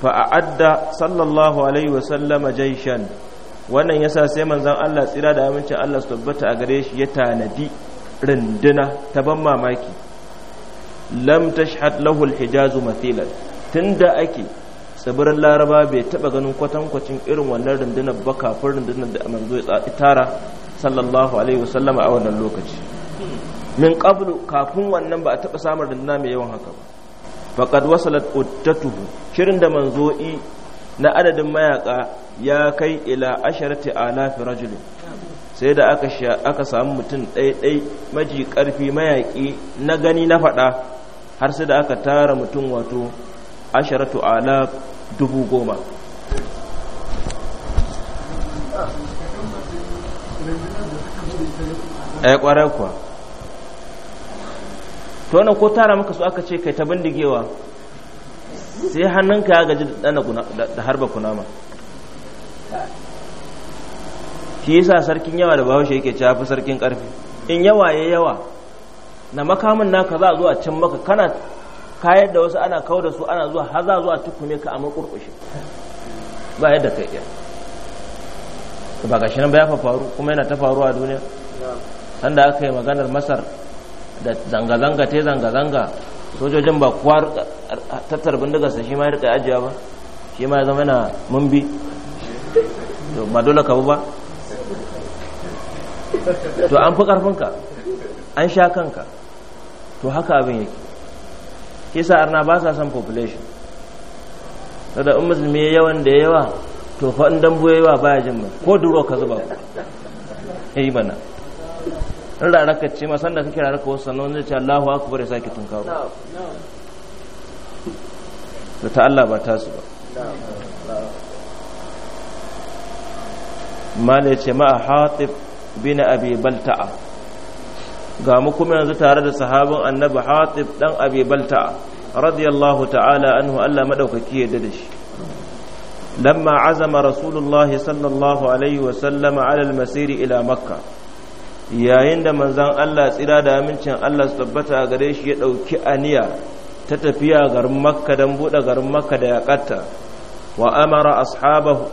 fa fa'adda sallallahu alaihi wasallama jaishan wannan yasa sai manzon Allah tsira da amincin Allah su tabbata a gare shi ya tanadi rinduna ta ban mamaki lam tashhad lahu alhijaz mathilan tunda ake tsibirin laraba bai taba ganin kwatankwacin irin wannan rundunar ba kafin rundunar da manzo ya tara sallallahu alaihi wasallama a wannan lokaci min qablu kafin wannan ba a taɓa samun runduna mai yawan haka ba faqad wasalat tuhu shirin da manzo'i na adadin mayaka ya kai ila asharati alafi rajul sai da aka aka samu mutum ɗaiɗai maji ƙarfi mayaki na gani na faɗa har sai da aka tara mutum wato asharatu alaf dubu goma a ya kwarar kuwa to wannan ko tara maka su aka ce kai ta bindigewa sai hannunka ya gaji da harba kunama shi yasa sarkin yawa da bahaushe yake ci hafi sarkin karfi in yawa ya yawa na makamin naka za a zo can maka kana kayar da wasu ana kawo da su ana zuwa har za zuwa tukume ka a makurkushe ba yadda ka iya ba shi nan ba ya faru kuma yana ta faruwa a duniya sanda aka yi maganar masar da zanga-zanga te zanga-zanga sojojin ba kuwa tattar bindigarsa shi ma ya rika ajiya ba shi ma ya zama yana mumbi ba dole ka ba to an fi ƙarfinka an sha kanka to haka abin yake kisa arna ba sa son population da in musulmi ya yawan da yawa to fa in ya yawa baya jin ko duro ka zuba ku yi mana in raraka ce ma sanda kake raraka wasu sannan zai ce Allahu akubar ya sake tunkaro da ta Allah ba tasu ba mala ya ce ma'a hatif bin abi balta'a ga mu kuma yanzu tare da sahabin annabi hatif dan abi balta'a radiyallahu ta'ala anhu Allah madaukaki ya da shi lamma azama rasulullahi sallallahu alaihi wa sallama ala al ila Makka. yayin da manzan Allah tsira da amincin Allah su tabbata gare shi ya ɗauki aniya ta tafiya garin makka don buɗe garin makka da yaƙatta wa amara ashabahu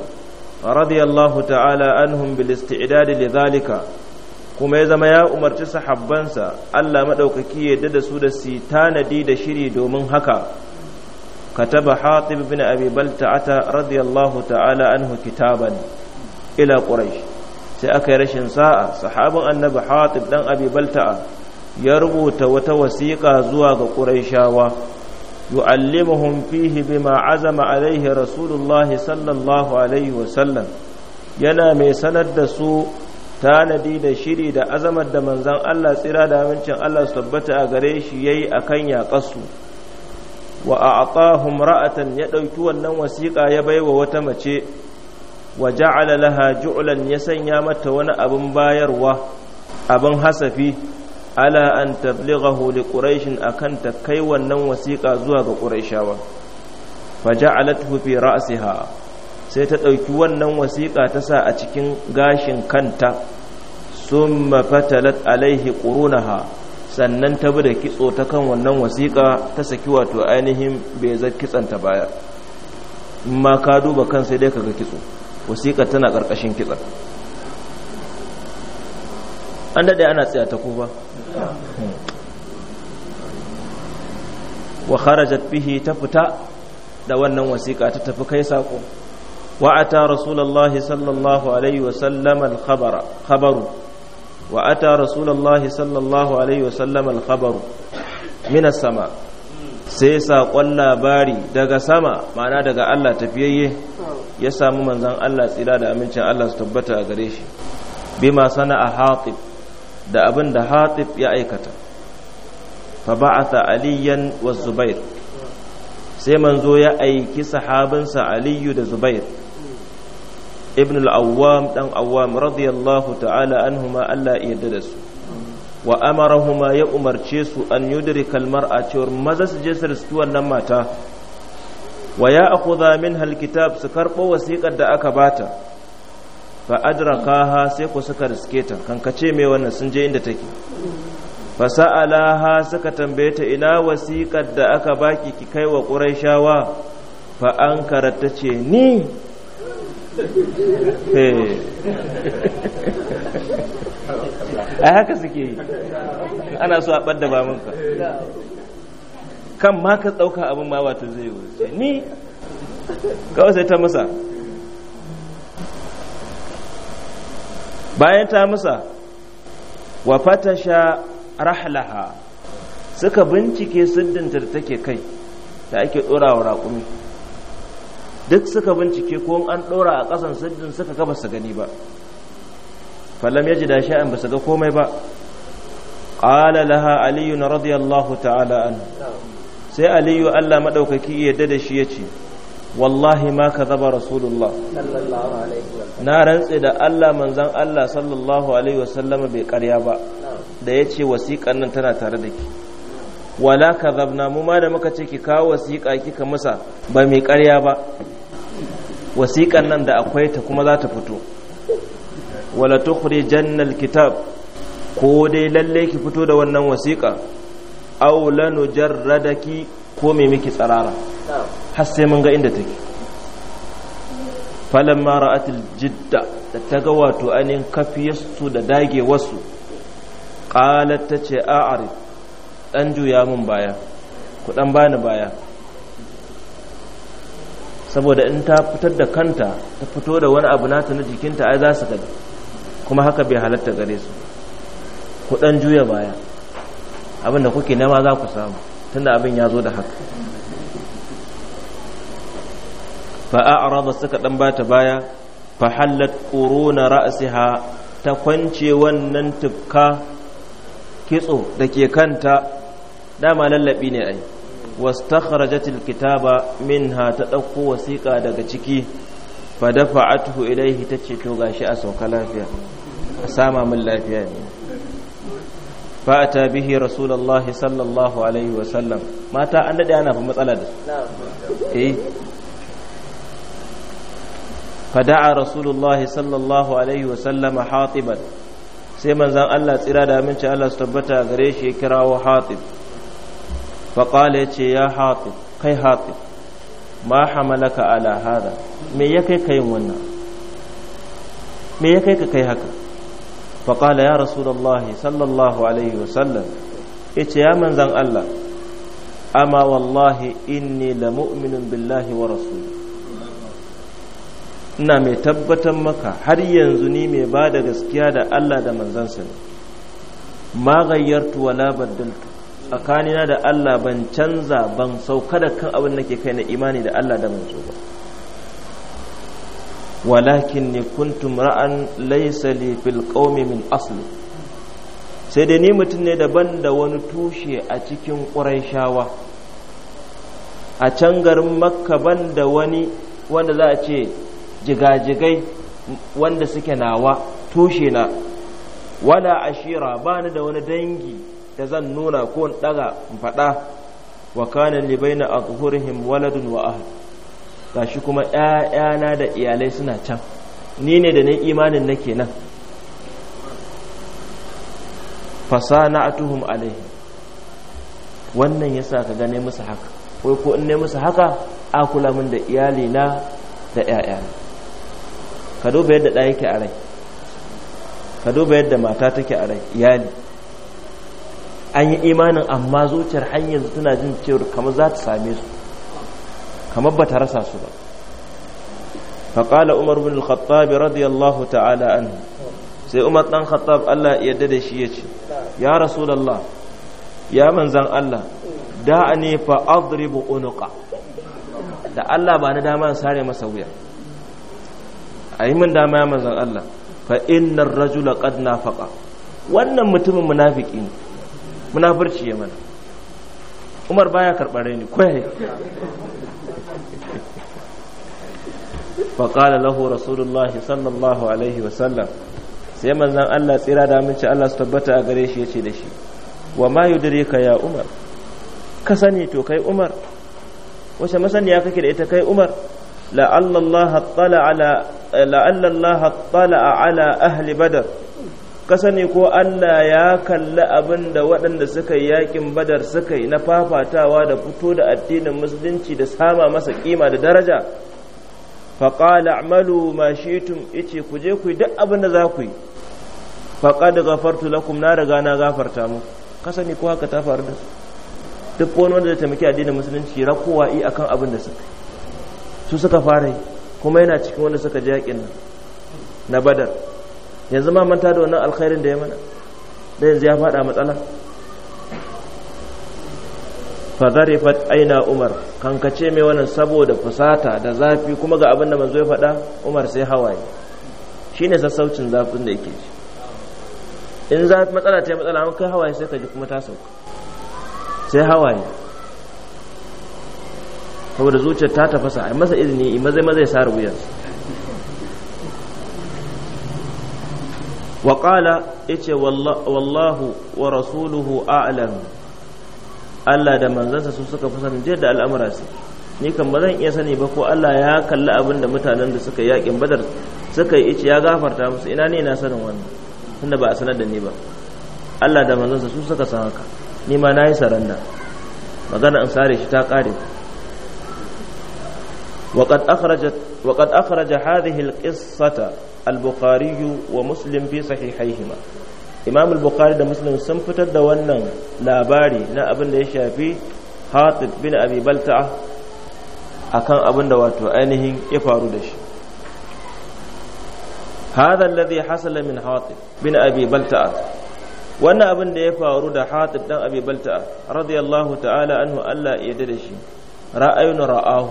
radiyallahu ta'ala anhum bil isti'dadi li zalika kuma ya zama ya umarci sahabbansa Allah maɗaukaki ya da su da su tanadi da shiri domin haka kataba hatib bin abi balta'ata radiyallahu ta'ala anhu kitaban ila quraish sai aka yi rashin sa'a sahabin annabi hatib ɗan abi balta'a ya rubuta wata wasiƙa zuwa ga ƙuraishawa yu'allimuhum fihi bima azama alaihi rasulullah sallallahu alaihi wasallam yana mai sanar da su tanadi da shiri da azamar da manzan Allah tsira da amincin Allah su tabbata a gare shi ya yi yayi kan yaƙasu wa a'tahum ra'atan ya ɗauki wannan wasiƙa ya baiwa wata mace wa ja'ala laha ju'lan ya sanya mata wani abin bayarwa abin hasafi ala an tablighahu li quraish akan ta kai wannan wasiƙa zuwa ga quraishawa fa ja'alathu fi ra'siha sai ta ɗauki wannan wasiƙa ta sa a cikin gashin kanta summa fatalat alaihi qurunaha sannan ta bi da kitso ta kan wannan wasiƙa ta saki wato ainihin bai zaki kitsanta baya in ma ka duba kan sai dai kaga kitso wasiƙar tana ƙarƙashin kitsa an daɗe ana tsaye ta kuba wa kharajat bihi ta fita da wannan wasiƙa ta tafi kai saƙo wa ata rasulullahi sallallahu alaihi wa sallam al khabaru wa ata rasulullahi sallallahu alaihi wa sallam al-khabaru min sama sai saƙon labari daga sama ma'ana daga Allah tafiyayye ya samu manzan Allah tsira da amincin Allah su tabbata a gare shi bima a hatib da abin da hatib ya aikata fa ba'atha aliyan wa zubair sai manzo ya aiki sahabinsa aliyu da zubair ibn al-awwam dan awwam radiyallahu ta'ala anhuma Allah ya yarda da su wa amarahuma ya umarce su an yudrika al a cewar maza su je su riski wannan mata wa ya akhudha minha alkitab su karɓo wasiƙar da aka bata fa ha sai ku suka riske ta kankace mai wannan sun je inda take fa sa'alaha suka tambaye ta ina wasiƙar da aka baki ki kai wa quraishawa fa ankarat ta ce ni a eh. haka suke yi ana so a ɓadda ba kan maka ka tsauka abin ma wata zai yi wuce ni kawai sai ta musa. bayan ta musa, wa fatasha rahlaha suka bincike siddinta da take kai da ake ɗora wa raƙumi duk suka bincike ko an ɗora a ƙasan siddin suka gaba su gani ba falam ya ji da sha'an ba su ga komai ba Ƙalalaha, Aliyu na radiyallahu ta'ala an sai aliyu allah maɗaukaki yadda da shi ya ce wallahi ma ka zaba rasulullah na rantse da allah manzan allah sallallahu alaihi wasallama bai karya ba da ya ce wasiƙan nan tana tare da ki wala ka zabna mu ma da muka ce ki kawo wasiƙa kika masa ba mai karya ba wasiƙan nan da akwai ta kuma za ta fito wala tukhrijanna kitab ko dai lalle ki fito da wannan wasiƙa aw lanujarradaki ko me miki tsarara har sai mun ga inda take falamma ra'atil jidda da ta ga wato anin kafiyastu da dage wasu qalat ta ce a'ari dan juya mun baya ku dan bani baya saboda in ta fitar da kanta ta fito da wani abu nata na jikinta ai za su gani kuma haka bai halatta gare su ku dan juya baya abin da kuke nema za ku samu tunda abin ya zo da haka fa'a'arada suka ɗan ba ta baya fahallat ƙorona ra'asiha ta kwance wannan tufka kitso da ke kanta dama lallabi ne ai wastakharajatil kitaba minha ta ɗauko wasiƙa daga ciki fa atuhu ilaihi ce to gashi a sauka lafiya a sama min lafiya ne fa'ata bihi rasulullahi sallallahu alaihi wasallam mata an daɗe ana matsala da su eh fada'a rasulullahi sallallahu alaihi wasallama hatiban sai manzan Allah tsira da aminci Allah su tabbata gare shi ya kirawo hatib faƙala ya ce ya hatib kai hatib ma ala hada me ya kai kayin wannan me ya kai kai haka فقال يا رسول الله صلى الله عليه وسلم إيش يا من زن الله أما والله إني لمؤمن بالله ورسوله ina mai tabbatar maka har yanzu ni mai ba da gaskiya da Allah da manzansa ne ma gayyartu wala baddaltu tsakanina da Allah ban canza ban sauka da kan abin nake kai na imani da Allah da manzo ba Walakin ni kuntum ra'an laysa li fil qaumi min asli sai dai ni mutum ne daban da wani tushe a cikin ƙuraishawa a can garin makka ban da wani wanda za a ce jigajigai wanda suke nawa tushe na wala ashira ba ni da wani dangi da zan nuna ko in daga faɗa wa kana libaina azhurihim waladun wa ahli gashi kuma ‘ya'yana da iyalai suna can ni ne da ni imanin nake nan fasa na atuhum alaihi wannan ya sa ka gane musu haka kai ko in ne musu haka a kula min da na da ‘ya'yana ka duba yadda ɗaya yake a rai ka duba yadda mata take a rai iyali an yi imanin amma zuciyar hanyar tana jin cewar kamar za ta same su kamar ba ta rasa su ba faƙala umar bin al-khattab radiyallahu ta'ala anhu sai umar dan khattab Allah ya yarda da shi ce ya rasulullah ya manzan Allah da ne fa adribu unuqa da Allah ba na dama sare masa wuya ayi min dama ya manzan Allah fa innar rajula qad nafaqa wannan mutumin munafiki ne munafurci ya mana umar baya karɓar ni kwaye faƙala lahu rasulullahi sallallahu alaihi wasallam sai manzan Allah tsira da aminci Allah su tabbata a gare shi ya ce da shi wa ma ka ya umar ka sani to kai umar wace masaniya kake da ita kai umar la'alla Allah a ala ahli badar ka sani ko Allah ya kalli abin da waɗanda suka yi yakin badar suka yi na fafatawa da fito da addinin musulunci da sama masa kima da daraja faƙala amalu ma ice ku je ku yi duk abin da za ku yi faƙada gafartu lakum na riga na gafarta mu kasani ko haka ta faru da su duk wani wanda zai taimaki addinin musulunci rakowa i akan abin da suka su suka fara yi kuma yana cikin wanda suka ji yaƙin nan na badar yanzu ma manta da wannan alkhairin da ya mana da yanzu ya faɗa matsala fazarifat aina umar kankace mai wannan saboda fusata da zafi kuma ga abin da manzo ya faɗa umar sai hawaye shine sassaucin zafin da yake ji in za matsala ta matsala amma kai hawaye sai ka ji kuma ta sauka sai hawaye saboda zuciyar ta tafasa a masa izini maza mazai ya sa rubuyar wa qala yace wallahu wa rasuluhu a'lamu Allah da manzansa su suka fi sanin da al'amura su ni kan ba zan iya sani ba ko Allah ya kalli abin da mutanen da suka yaƙin badar suka yi ici ya gafarta musu ina ne na sanin wannan tunda ba a sanar da ni ba Allah da manzansa su suka san haka ni ma na yi saranda magana in sare shi ta ƙare وقد أخرجت وقد أخرج هذه القصة البخاري ومسلم في صحيحيهما imam bukhari da muslim sun fitar da wannan labari na abin da ya shafi hatib bin abi balta'a akan abin da wato ainihin ya faru da shi hadha alladhi hasala min hatib bin abi balta'a wannan abin da ya faru da hatib dan abi balta'a radiyallahu ta'ala anhu Allah ya yarda da shi ra'ayun ra'ahu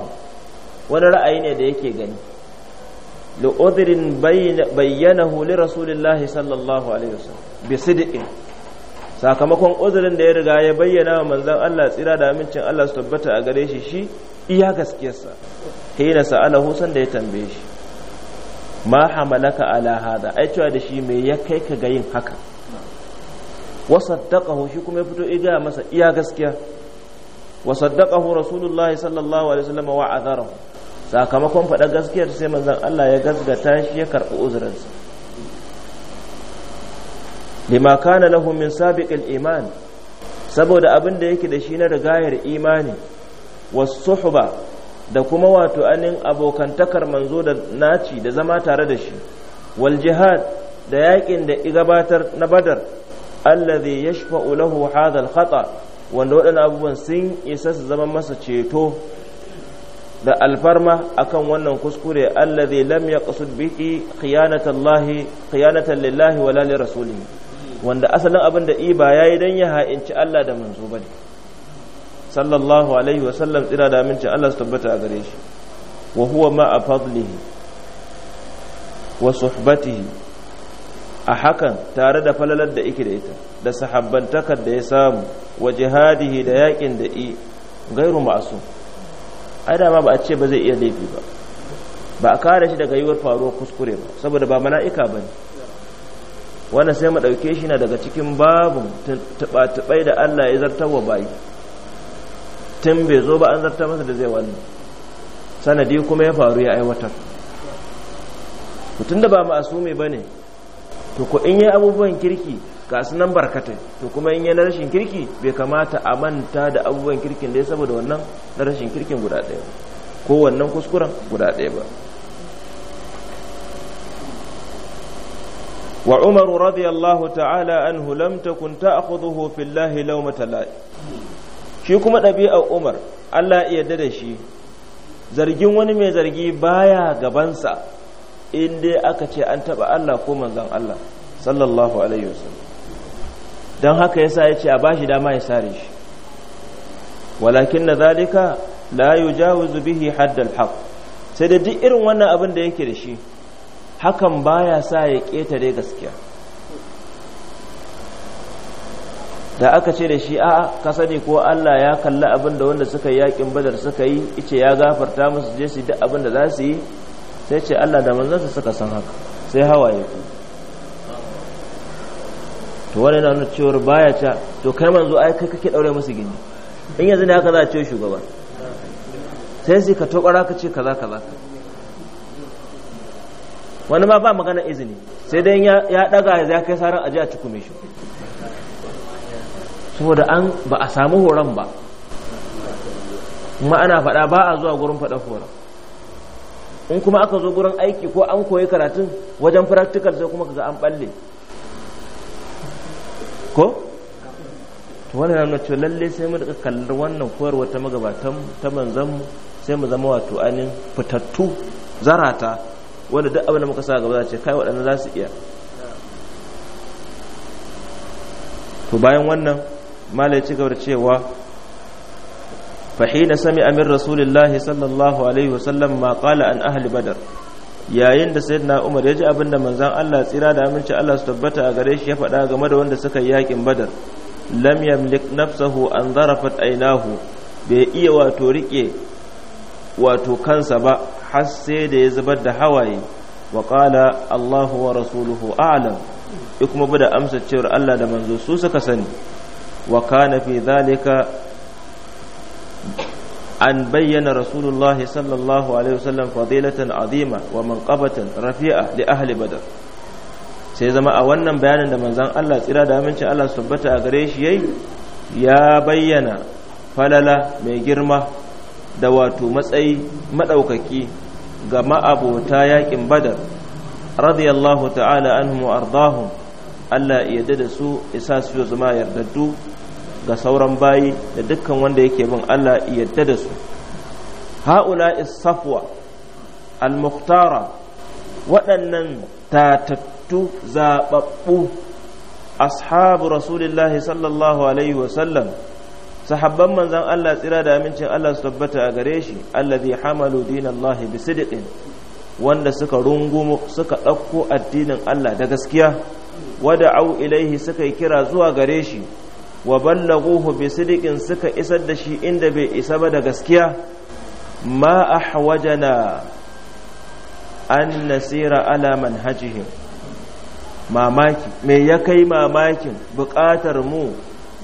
wani ra'ayi ne da yake gani li'udhrin bayyanahu li rasulillahi sallallahu alaihi wasallam bi sidqin sakamakon uzurin da ya riga ya bayyana wa manzon Allah tsira da amincin Allah su tabbata a gare shi shi iya gaskiyarsa hina sa'alahu san da ya tambaye shi ma hamalaka ala hada ai cewa da shi mai ya kai ka ga yin haka wa saddaqahu shi kuma ya fito iga masa iya gaskiya wa saddaqahu rasulullahi sallallahu alaihi wasallam wa azarahu sakamakon faɗa gaskiyar sai manzon Allah ya gasgata shi ya karɓi uzurinsa lima kana lahumin min sabiqil iman saboda abin da yake da shi na rigayar imani wasu wasuhba da kuma wato anin abokantakar manzo da naci da zama tare da shi wal jihad da yakin da igabatar na badar allazi yashfa'u lahu hadha al khata wanda wadannan abubuwan sun isa su zama masa ceto da alfarma akan wannan kuskure allazi lam yaqsud bihi khiyanatallahi khiyanatan lillahi wala lirasuli wanda asalin abin da iba yayi dan ya ha'inci Allah da manzo bane sallallahu alaihi wa sallam tsira da aminci Allah su tabbata a gare shi wa huwa ma fadlihi wa suhbatihi a hakan tare da falalar da yake da ita da sahabbantakar da ya samu wa jihadihi da yakin da i gairu ma'sum ai da ba a ce ba zai iya laifi ba ba a kare shi daga yiwuwar faruwar kuskure ba saboda ba mala'ika ba ne wannan sai mu ɗauke shi na daga cikin babin tuɓa-tuɓai da allah ya zartar wa bayi tun bai zo ba an zartar masa da zai wani sanadi kuma ya faru ya aiwatar mutum da ba mai ba ne to ku in yi abubuwan kirki ga su nan barkatai to kuma in yana rashin kirki bai kamata a manta da abubuwan kirkin da ya saboda wannan na rashin kirkin guda ɗaya ko wannan kuskuren guda ɗaya ba wa umaru radiyallahu ta'ala anhu lam takun ta'khudhuhu fillahi lawmata la'i shi kuma ɗabi'a umar Allah ya yarda da shi zargin wani mai zargi baya gabansa in dai aka ce an taɓa Allah ko manzon Allah sallallahu alaihi wasallam don haka ya sa ya ce a ba shi dama ya sare shi walakin na zalika la yujawizu bihi haddal haku sai da duk irin wannan abin da yake da shi hakan ba ya sa ya ƙetare gaskiya da aka ce da shi a'a ka sani ko Allah ya kalli abin da wanda suka yi yakin badar suka yi ice ya gafarta musu je su duk abin da za su yi sai ce Allah da manzansa suka san haka sai hawaye ku to wani na nuna cewar baya ca to kai manzo ai kai kake daure musu gindi in yanzu ne haka za a ce shugaba sai sai ka tobara ka ce kaza kaza wani ma ba magana izini sai dai ya daga ya kai saran aje a cikume shi saboda an ba a samu horon ba kuma ana faɗa ba a zuwa gurin faɗa horon in kuma aka zo gurin aiki ko an koyi karatun wajen practical sai kuma kaga an balle ko to wannan na lalle sai mu daga kallar wannan koyarwa ta magabatan ta manzanmu sai mu zama wato anin fitattu zarata wanda duk abin da muka sa gaba za ce kai waɗanda za su iya to bayan wannan mala ya ci gaba da cewa fahina sami amin rasulillahi sallallahu alaihi wasallam ma qala an ahli badar yayin da na Umar ya ji abin da manzon Allah tsira da aminci Allah su tabbata a gare shi ya faɗa game da wanda suka yi yaƙin Badar lam yamlik nafsahu an zarafat ainahu bai iya wato riƙe wato kansa ba har sai da ya zubar da hawaye wa qala Allahu wa rasuluhu a'lam ya kuma bada amsa cewar Allah da manzo su suka sani wa kana fi zalika an bayyana rasulullah sallallahu alaihi wasallam fadilatan azima wa manqabatan rafi'a li ahli badar sai zama a wannan bayanin da manzon Allah tsira da aminci Allah subbata a gare shi yayi ya bayyana falala mai girma da wato matsayi madaukaki ga ma'abota yakin badar radiyallahu ta'ala anhum wa ardahum Allah ya yarda da su isa su zama yardaddu ga sauran bayi da dukkan wanda yake bin Allah yadda da su haula safwa al-mukhtara waɗannan tatattu zaɓaɓɓu ashabu rasulillahi sallallahu alaihi wasallam sahabban manzan Allah tsira da amincin Allah su tabbata a gare shi allazi hamalu dinallahi bisidiqin wanda suka rungumo suka ɗauko addinin Allah da gaskiya wada'u ilaihi suka yi kira zuwa gare shi wa ballaguhu bi sidiqin suka isar da shi inda bai isa ba da gaskiya ma ahwajana an nasira ala manhajihim mamaki me ya kai mamakin buƙatar mu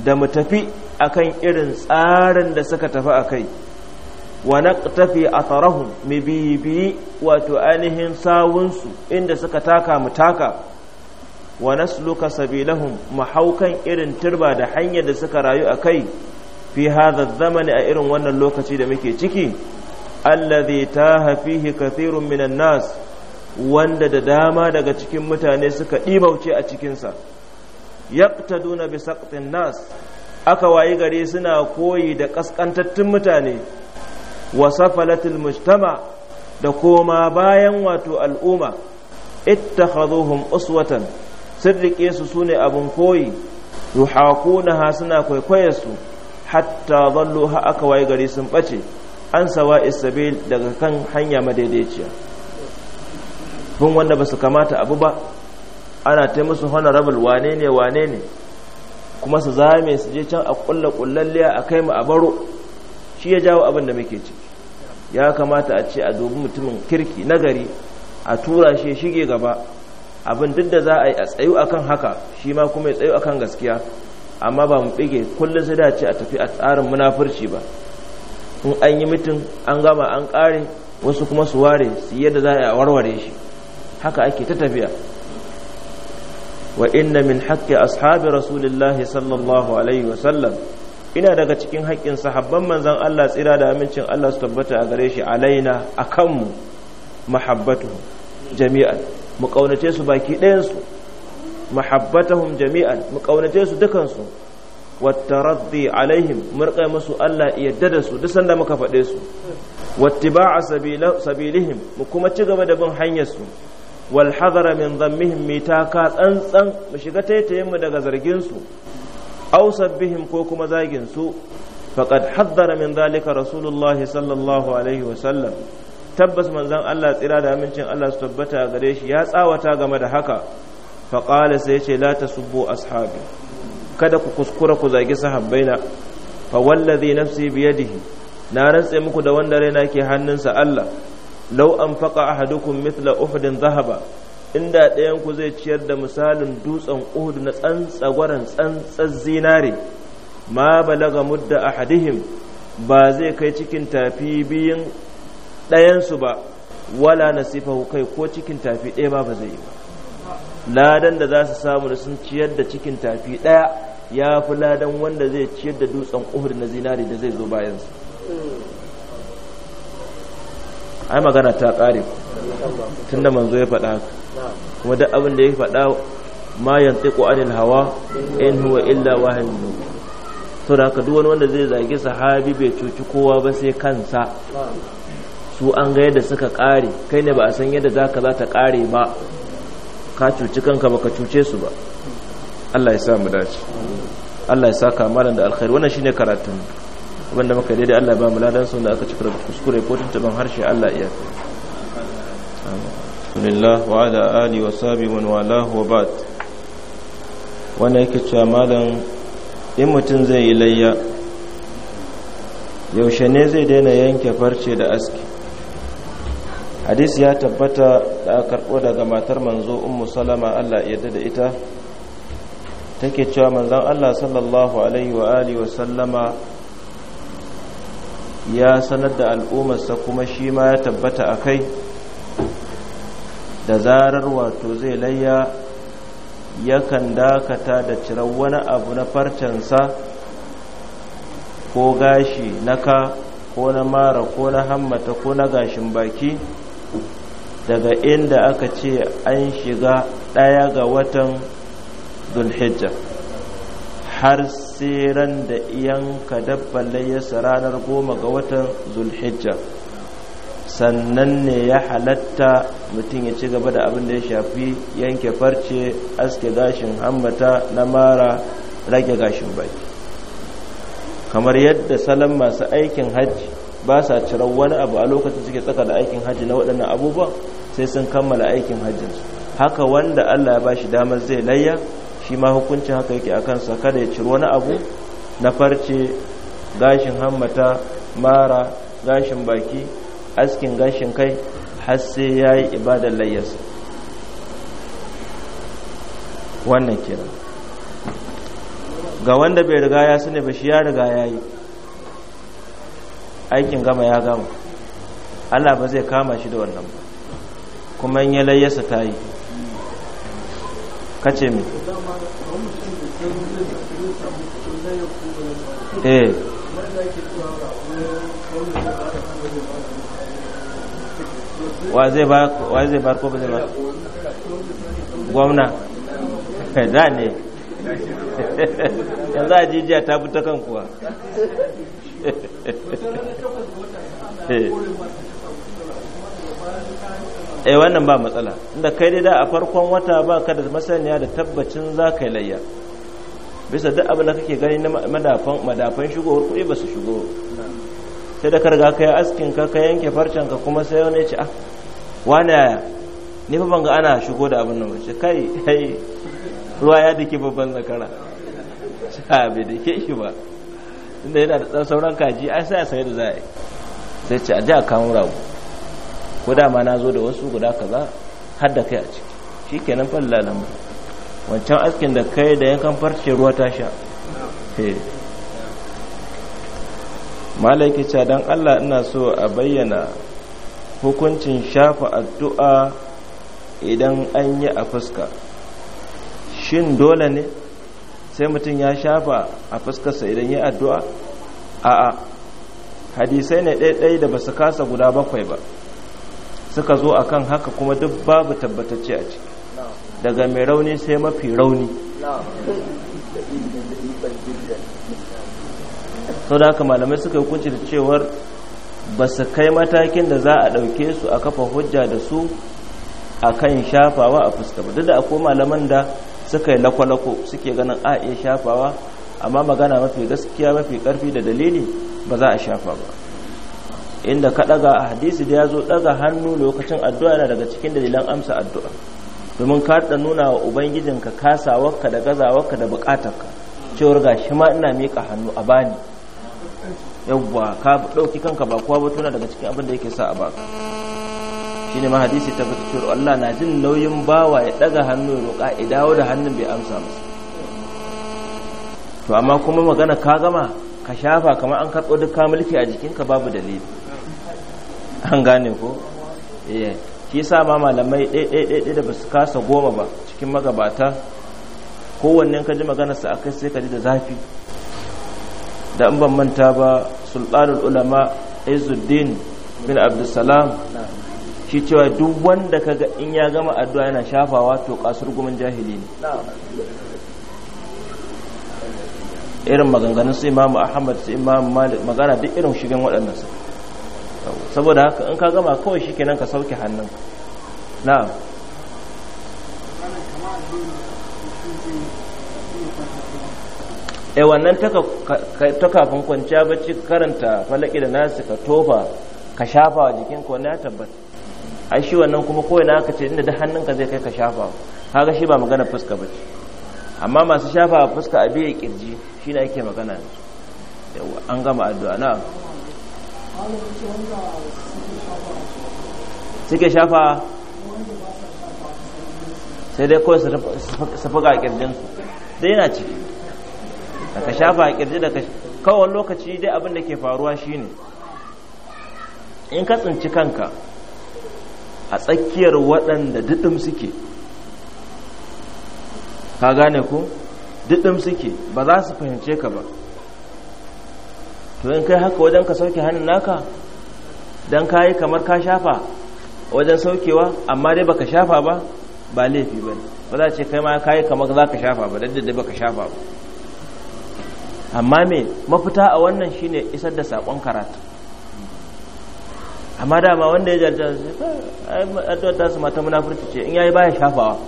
da mu tafi akan irin tsarin da suka tafi akai wa naqtafi atharahum mibibi bibi wato ainihin sawunsu inda suka taka mu taka wa nasluka sabilahum mu irin turba da hanyar da suka rayu a kai fi hadha zamani a irin wannan lokaci da muke ciki allazi taha fihi kathirun minan nas wanda da dama daga cikin mutane suka ɗibauce a cikinsa yaqtaduna bi saqtin nas aka wayi gare suna koyi da kaskantattun mutane wa safalatul mujtama da koma bayan wato al'umma ittakhadhuhum uswatan sun riƙe su ne abin koyi na suna kwaikwaye su hatta zallo ha aka waye gari sun ɓace an sawa isabil daga kan hanya madaidaiciya bin wanda ba su kamata abu ba ana ta musu honorable wane ne wane ne kuma su zame su je can a kulla kullalliya a kai mu a baro shi ya jawo abin da muke ciki ya kamata a ce a dubi mutumin kirki nagari a tura shi shige gaba abin duk da za a yi a tsayu akan haka shi ma kuma ya tsayu akan gaskiya amma ba mu bige kullum su dace a tafi a tsarin munafurci ba in an yi mutum an gama an ƙare wasu kuma su ware su yadda za a yi a warware shi haka ake ta tafiya wa inna min haƙƙi ashabi rasulillahi sallallahu alaihi wa sallam ina daga cikin haƙƙin sahabban manzon Allah tsira da amincin Allah su tabbata a gare shi alaina a mu mahabbatu jami'an mu kaunace su baki ɗayansu mahabbatahum jami'an mu kaunace su dukansu wattaraddi alaihim rika musu Allah yadda da su duk sanda muka faɗe su wattiba'a sabilihim mu kuma ci gaba da bin hanyar su wal hadara min dhammihim mitaka tsantsan mu shiga taitayin mu daga zargin su aw sabbihim ko kuma zagin su faqad haddara min zalika rasulullahi sallallahu alaihi wa sallam tabbas manzon Allah tsira da amincin Allah su tabbata gare shi ya tsawata game da haka qala sai ce la tasubbu ashabi kada ku kuskura ku zagi sahabbaina fa wallazi nafsi yadihi na rantse muku da wanda raina ke hannunsa Allah law anfaqa ahadukum mithla uhudin zahaba inda ɗayan ku zai ciyar da misalin dutsen uhud na tsantsagwaran tsantsar zinare ma balaga mudda ahadihim ba zai kai cikin tafi biyin ɗayansu ba wala nasifahu kai ko cikin tafi ɗaya ba ba zai yi ba ladan da za su samu da sun ciyar da cikin tafi ɗaya ya fi ladan wanda zai ciyar da dutsen uhud na zinari da zai zo bayansa ai magana ta ƙare tun da manzo ya faɗa haka kuma duk abin da ya faɗa ma yanzu ko anil hawa in huwa illa wahyu to da haka duk wani wanda zai zage sahabi bai cuci kowa ba sai kansa su an ga yadda suka kare kai ne ba a san yadda za ka za ta kare ba ka cuci kanka ba ka cuce su ba Allah ya sa mu dace Allah ya sa ka malam da alkhairi wannan shine karatun wanda muka daidai Allah ba mu ladan sun da aka cika da kuskure ko taban harshe Allah ya lillah wa ala ali wa Sabi wa walahu wa Bat. wannan yake cewa malam in mutum zai yi layya yaushe ne zai daina yanke farce da aski hadisi ya tabbata da aka karɓo daga matar manzo ummu salama Allah yadda da ita take cewa manzon Allah sallallahu alaihi wa alihi wa sallama ya sanar da al'ummarsa kuma shi ma ya tabbata a kai da zarar wato zai layya yakan dakata da cirar wani abu na farcensa ko gashi naka ko na mara ko na hammata ko na gashin baki daga inda aka ce an shiga ɗaya ga watan zulhijja har sai ran da iyanka dabban ya ranar goma ga watan zulhijja sannan ne ya halatta mutum ya ci gaba da abin da ya shafi yanke farce aske gashin hammata na mara rage gashin baki kamar yadda salon masu aikin hajji ba sa cirar wani abu a lokacin suke tsaka da aikin hajji na waɗannan abubuwa. sai sun kammala aikin hajjinsu haka wanda Allah ya bashi damar zai layya shi ma hukuncin haka yake a kansa kada ya ciri wani abu na farce gashin hammata mara gashin baki askin gashin kai har sai ya yi ibadar layyarsa wannan kira ga wanda bai riga ya sani ba shi ya riga ya yi aikin gama ya gama Allah ba zai kama shi da wannan ba kuma in ya layyasa ta yi kace me eh wa zai bar ko ba zai bar gwamna da ne yanzu a jijiya ta fita kan kuwa eh. eh wannan ba matsala inda kai dai da a farkon wata ba ka da masaniya da tabbacin za ka yi layya bisa duk abin da kake gani na madafan madafan shigowar kuɗi ba su shigo sai da karga ka yi askin ka ka yanke farcen ka kuma sai wani ya ce ah wani yaya ni fa ban ga ana shigo da abin nan ba kai kai ruwa ya dake babban zakara sha bai dake shi ba inda yana da sauran kaji ai sai a sai da za a yi sai ce a ji a kawo rago ko dama na zo da wasu guda kaza har da kai a ciki shi kenan falla wancan askin da kai da yankan farce ruwa ta sha eh. malaiki ce don allah ina so a bayyana hukuncin shafa addu'a idan an yi a fuska shin dole ne sai mutum ya shafa a fuskarsa idan ya addu'a a'a hadisai ne ɗaiɗai da ba su kasa guda bakwai ba suka zo a kan haka kuma duk babu tabbatacce a ciki daga mai rauni sai mafi rauni sau da haka malamai suka hukunci da cewar ba su kai matakin da za a ɗauke su a kafa hujja da su a kan shafawa a fuska ba duk da akwai malaman da suka yi lakwalako suke ganin a iya shafawa amma magana mafi gaskiya mafi ƙarfi da dalili ba za a shafa ba inda ka ɗaga a hadisi da ya zo ɗaga hannu lokacin addu'a yana daga cikin dalilan amsa addu'a domin ka da nuna wa ubangijinka kasawarka da gazawarka da bukatarka cewar ga shi ma ina miƙa hannu a bani yawwa ka ɗauki kanka ba kowa ba tuna daga cikin abin da yake sa a baka ne ma hadisi ta fita cewar Allah na jin nauyin bawa ya ɗaga hannu ya roƙa ya dawo da hannun bai amsa masa to amma kuma magana ka gama ka shafa kamar an karɓo duk mulki a jikinka babu dalili an gane ko iya eh, shi sa ma malamai ɗaiɗaiɗaiɗai da ba su kasa goma ba cikin magabata kowannen ka ji maganarsa akai sai ka ji da zafi da an ban manta ba sultanul ulama izuddin bin abdulsalam shi cewa duk wanda kaga in ya gama addu'a yana shafawa to kasur gumin jahili ne irin maganganun su imamu ahmad su imamu malik magana duk irin shigen waɗannan su tsawo saboda haka in ka gama kawai shi kenan ka sauke hannun na'am e wannan ta kafin kwanciya bacci karanta falaki da nasu ka tofa ka shafa wa jikinka wannan ya tabbat ai shi wannan kuma kawai na aka ce inda da hannunka zai kai ka shafa kaga shi ba magana fuska bacci amma masu shafa fuska a biya kirji shi ne ake magana yawa an gama addu'a na'am suke shafa sai dai kawai su fuga a kirjin dai yana ciki daga shafa a kirji daga kawai lokaci dai abin da ke faruwa shine in ka tsinci kanka a tsakiyar waɗanda duɗin suke ka gane ku duɗin suke ba za su fahimce ka ba to in kai haka wajen ka sauke hannun naka ka yi kamar ka shafa wajen saukewa amma dai baka shafa ba ba laifi ba ba za ce kai ma ka yi kamar za ka shafa ba da dai baka shafa ba amma me mafita a wannan shine isar da sakon karatu amma dama wanda ya su ai addu'ar ta su mata munafurci ce in yayi baya shafawa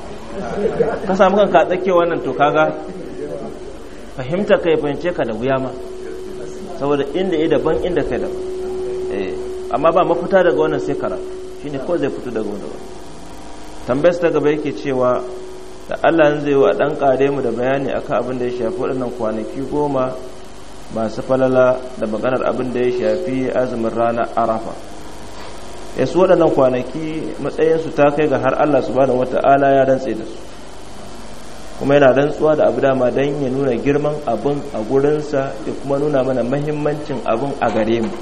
ka samu kanka tsake wannan to kaga fahimta kai fahimce ka da wuya ma saboda inda ya daban inda kai daban eh, amma ba mafita daga wannan sai kara shi ne ko zai fito daga wannan tambayar ta gaba yake cewa da Allah zai wa dan kare mu da bayani akan abin da ya shafi waɗannan kwanaki goma masu falala da maganar abin da ya shafi azumin rana arafa yasu eh, waɗannan kwanaki matsayinsu ta kai ga har Allah subhanahu wata'ala ya rantse da su kuma yana rantsuwa da abu dama don ya nuna girman abun a gurinsa ya kuma nuna mana mahimmancin abun a gare mu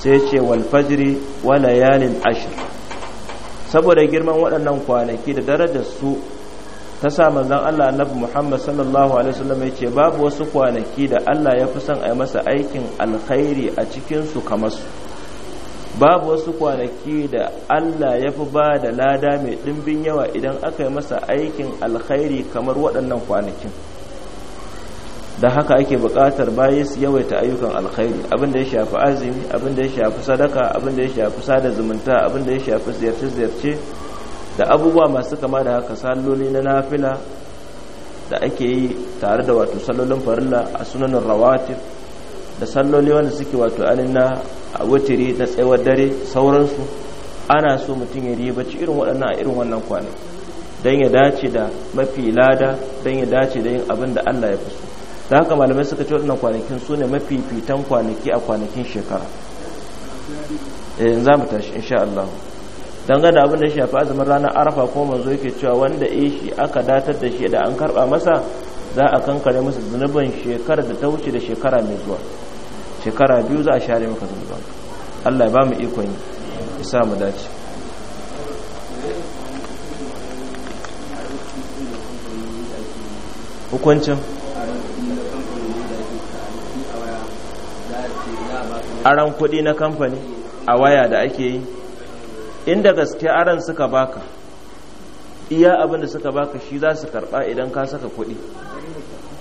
sai ce walfajiri wa layalin ashir saboda girman waɗannan kwanaki da darajar su ta sa manzon Allah annabi Muhammad sallallahu alaihi wasallam ya ce babu wasu kwanaki da Allah ya fi son a yi masa aikin alkhairi a cikin su kamar su babu wasu kwanaki da Allah ya fi ba da lada mai ɗimbin yawa idan aka yi masa aikin alkhairi kamar waɗannan kwanakin da haka ake buƙatar baya su yawaita ayyukan alkhairi abin ya shafi azumi abin ya shafi sadaka abin ya shafi sada zumunta abin da ya shafi ziyarce-ziyarce da abubuwa masu kama da haka saloli na nafila da ake yi tare da wato salolin farilla a sunanin rawatib da salloli wanda suke wato anin na wutiri da tsayawar dare sauransu ana so mutum ya ci irin waɗannan a irin wannan kwana don ya dace da mafi lada don ya dace da yin abin da Allah ya fi so da haka malamai suka ce waɗannan kwanakin su ne mafi kwanaki a kwanakin shekara yanzu eh, za mu tashi insha Allah dangane abin da shafi azumin ranar arafa ko manzo yake cewa wanda ishi aka datar da shi da an karba masa za a kankare musu zunuban shekara da ta wuce da shekara mai zuwa shekara biyu za a share maka zunuban Allah ba mu ikon yi sa mu dace hukuncin aran kuɗi na kamfani a waya da ake yi inda gaske aran suka baka iya abin da suka baka shi za su karɓa idan ka saka kuɗi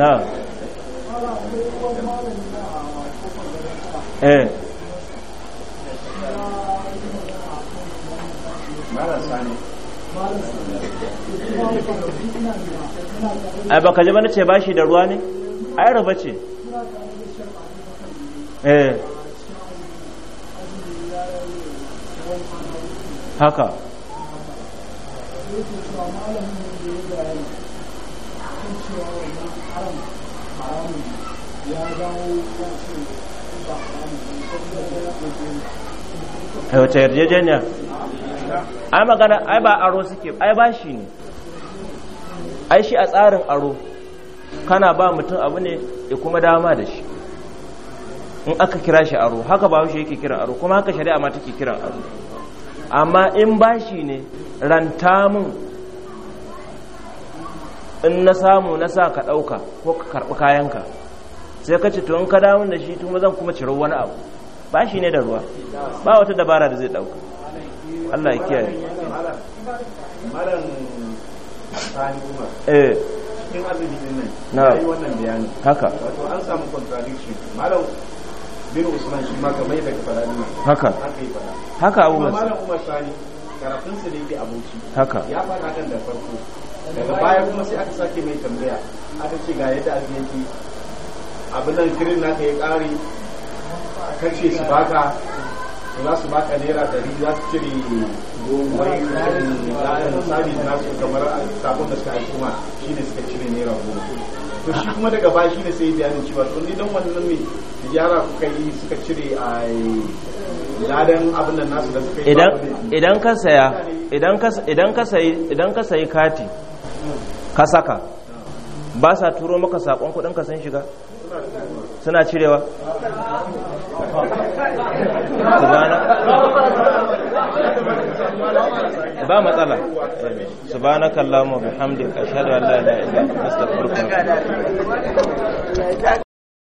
na'am eh ai baka ji ce ba da ruwa ne ai raba ce eh haka A'a eh, wace yarjejeniya ai magana ai ba aro suke ai ba shi ne ai shi a tsarin aro kana ba mutum abu ne ya kuma dama da shi in aka kira shi aro haka ba shi yake kiran aro kuma haka shari'a ma take kiran aro amma in bashi ne ranta mun in na samu na sa ka ɗauka ko ka karɓi kayanka sai ka ci tun ka damun da shi tun zan kuma ciro wani abu ba shi ne da ruwa ba wata dabara da zai ɗauka Allah ya kiyaye eh cikin azumi na yi wannan bayani haka wato an samu contradiction malam bin usman shi ma kamar yadda ka fara ne haka haka yi haka abu malam umar sani karatunsa da ke abuci haka ya fara hakan da farko daga baya kuma sai aka sake mai tambaya aka ce ga yadda aka yake abin nan kirin naka ya a kashe su baka za su baka naira dari za su cire wani misali da su kamar sabon da suka aiko shi ne suka cire naira goma to shi kuma daga baya shi ne sai bayanin cewa to don dan wannan mai yara kuka yi suka cire a ladan abin da nasu da suka yi idan ka saya idan ka sayi kati ka saka ba sa turo maka sakon kudin ka san shiga suna cirewa su ba matsala subhanakallahumma bihamdika ashhadu an la ilaha illa anta astaghfiruka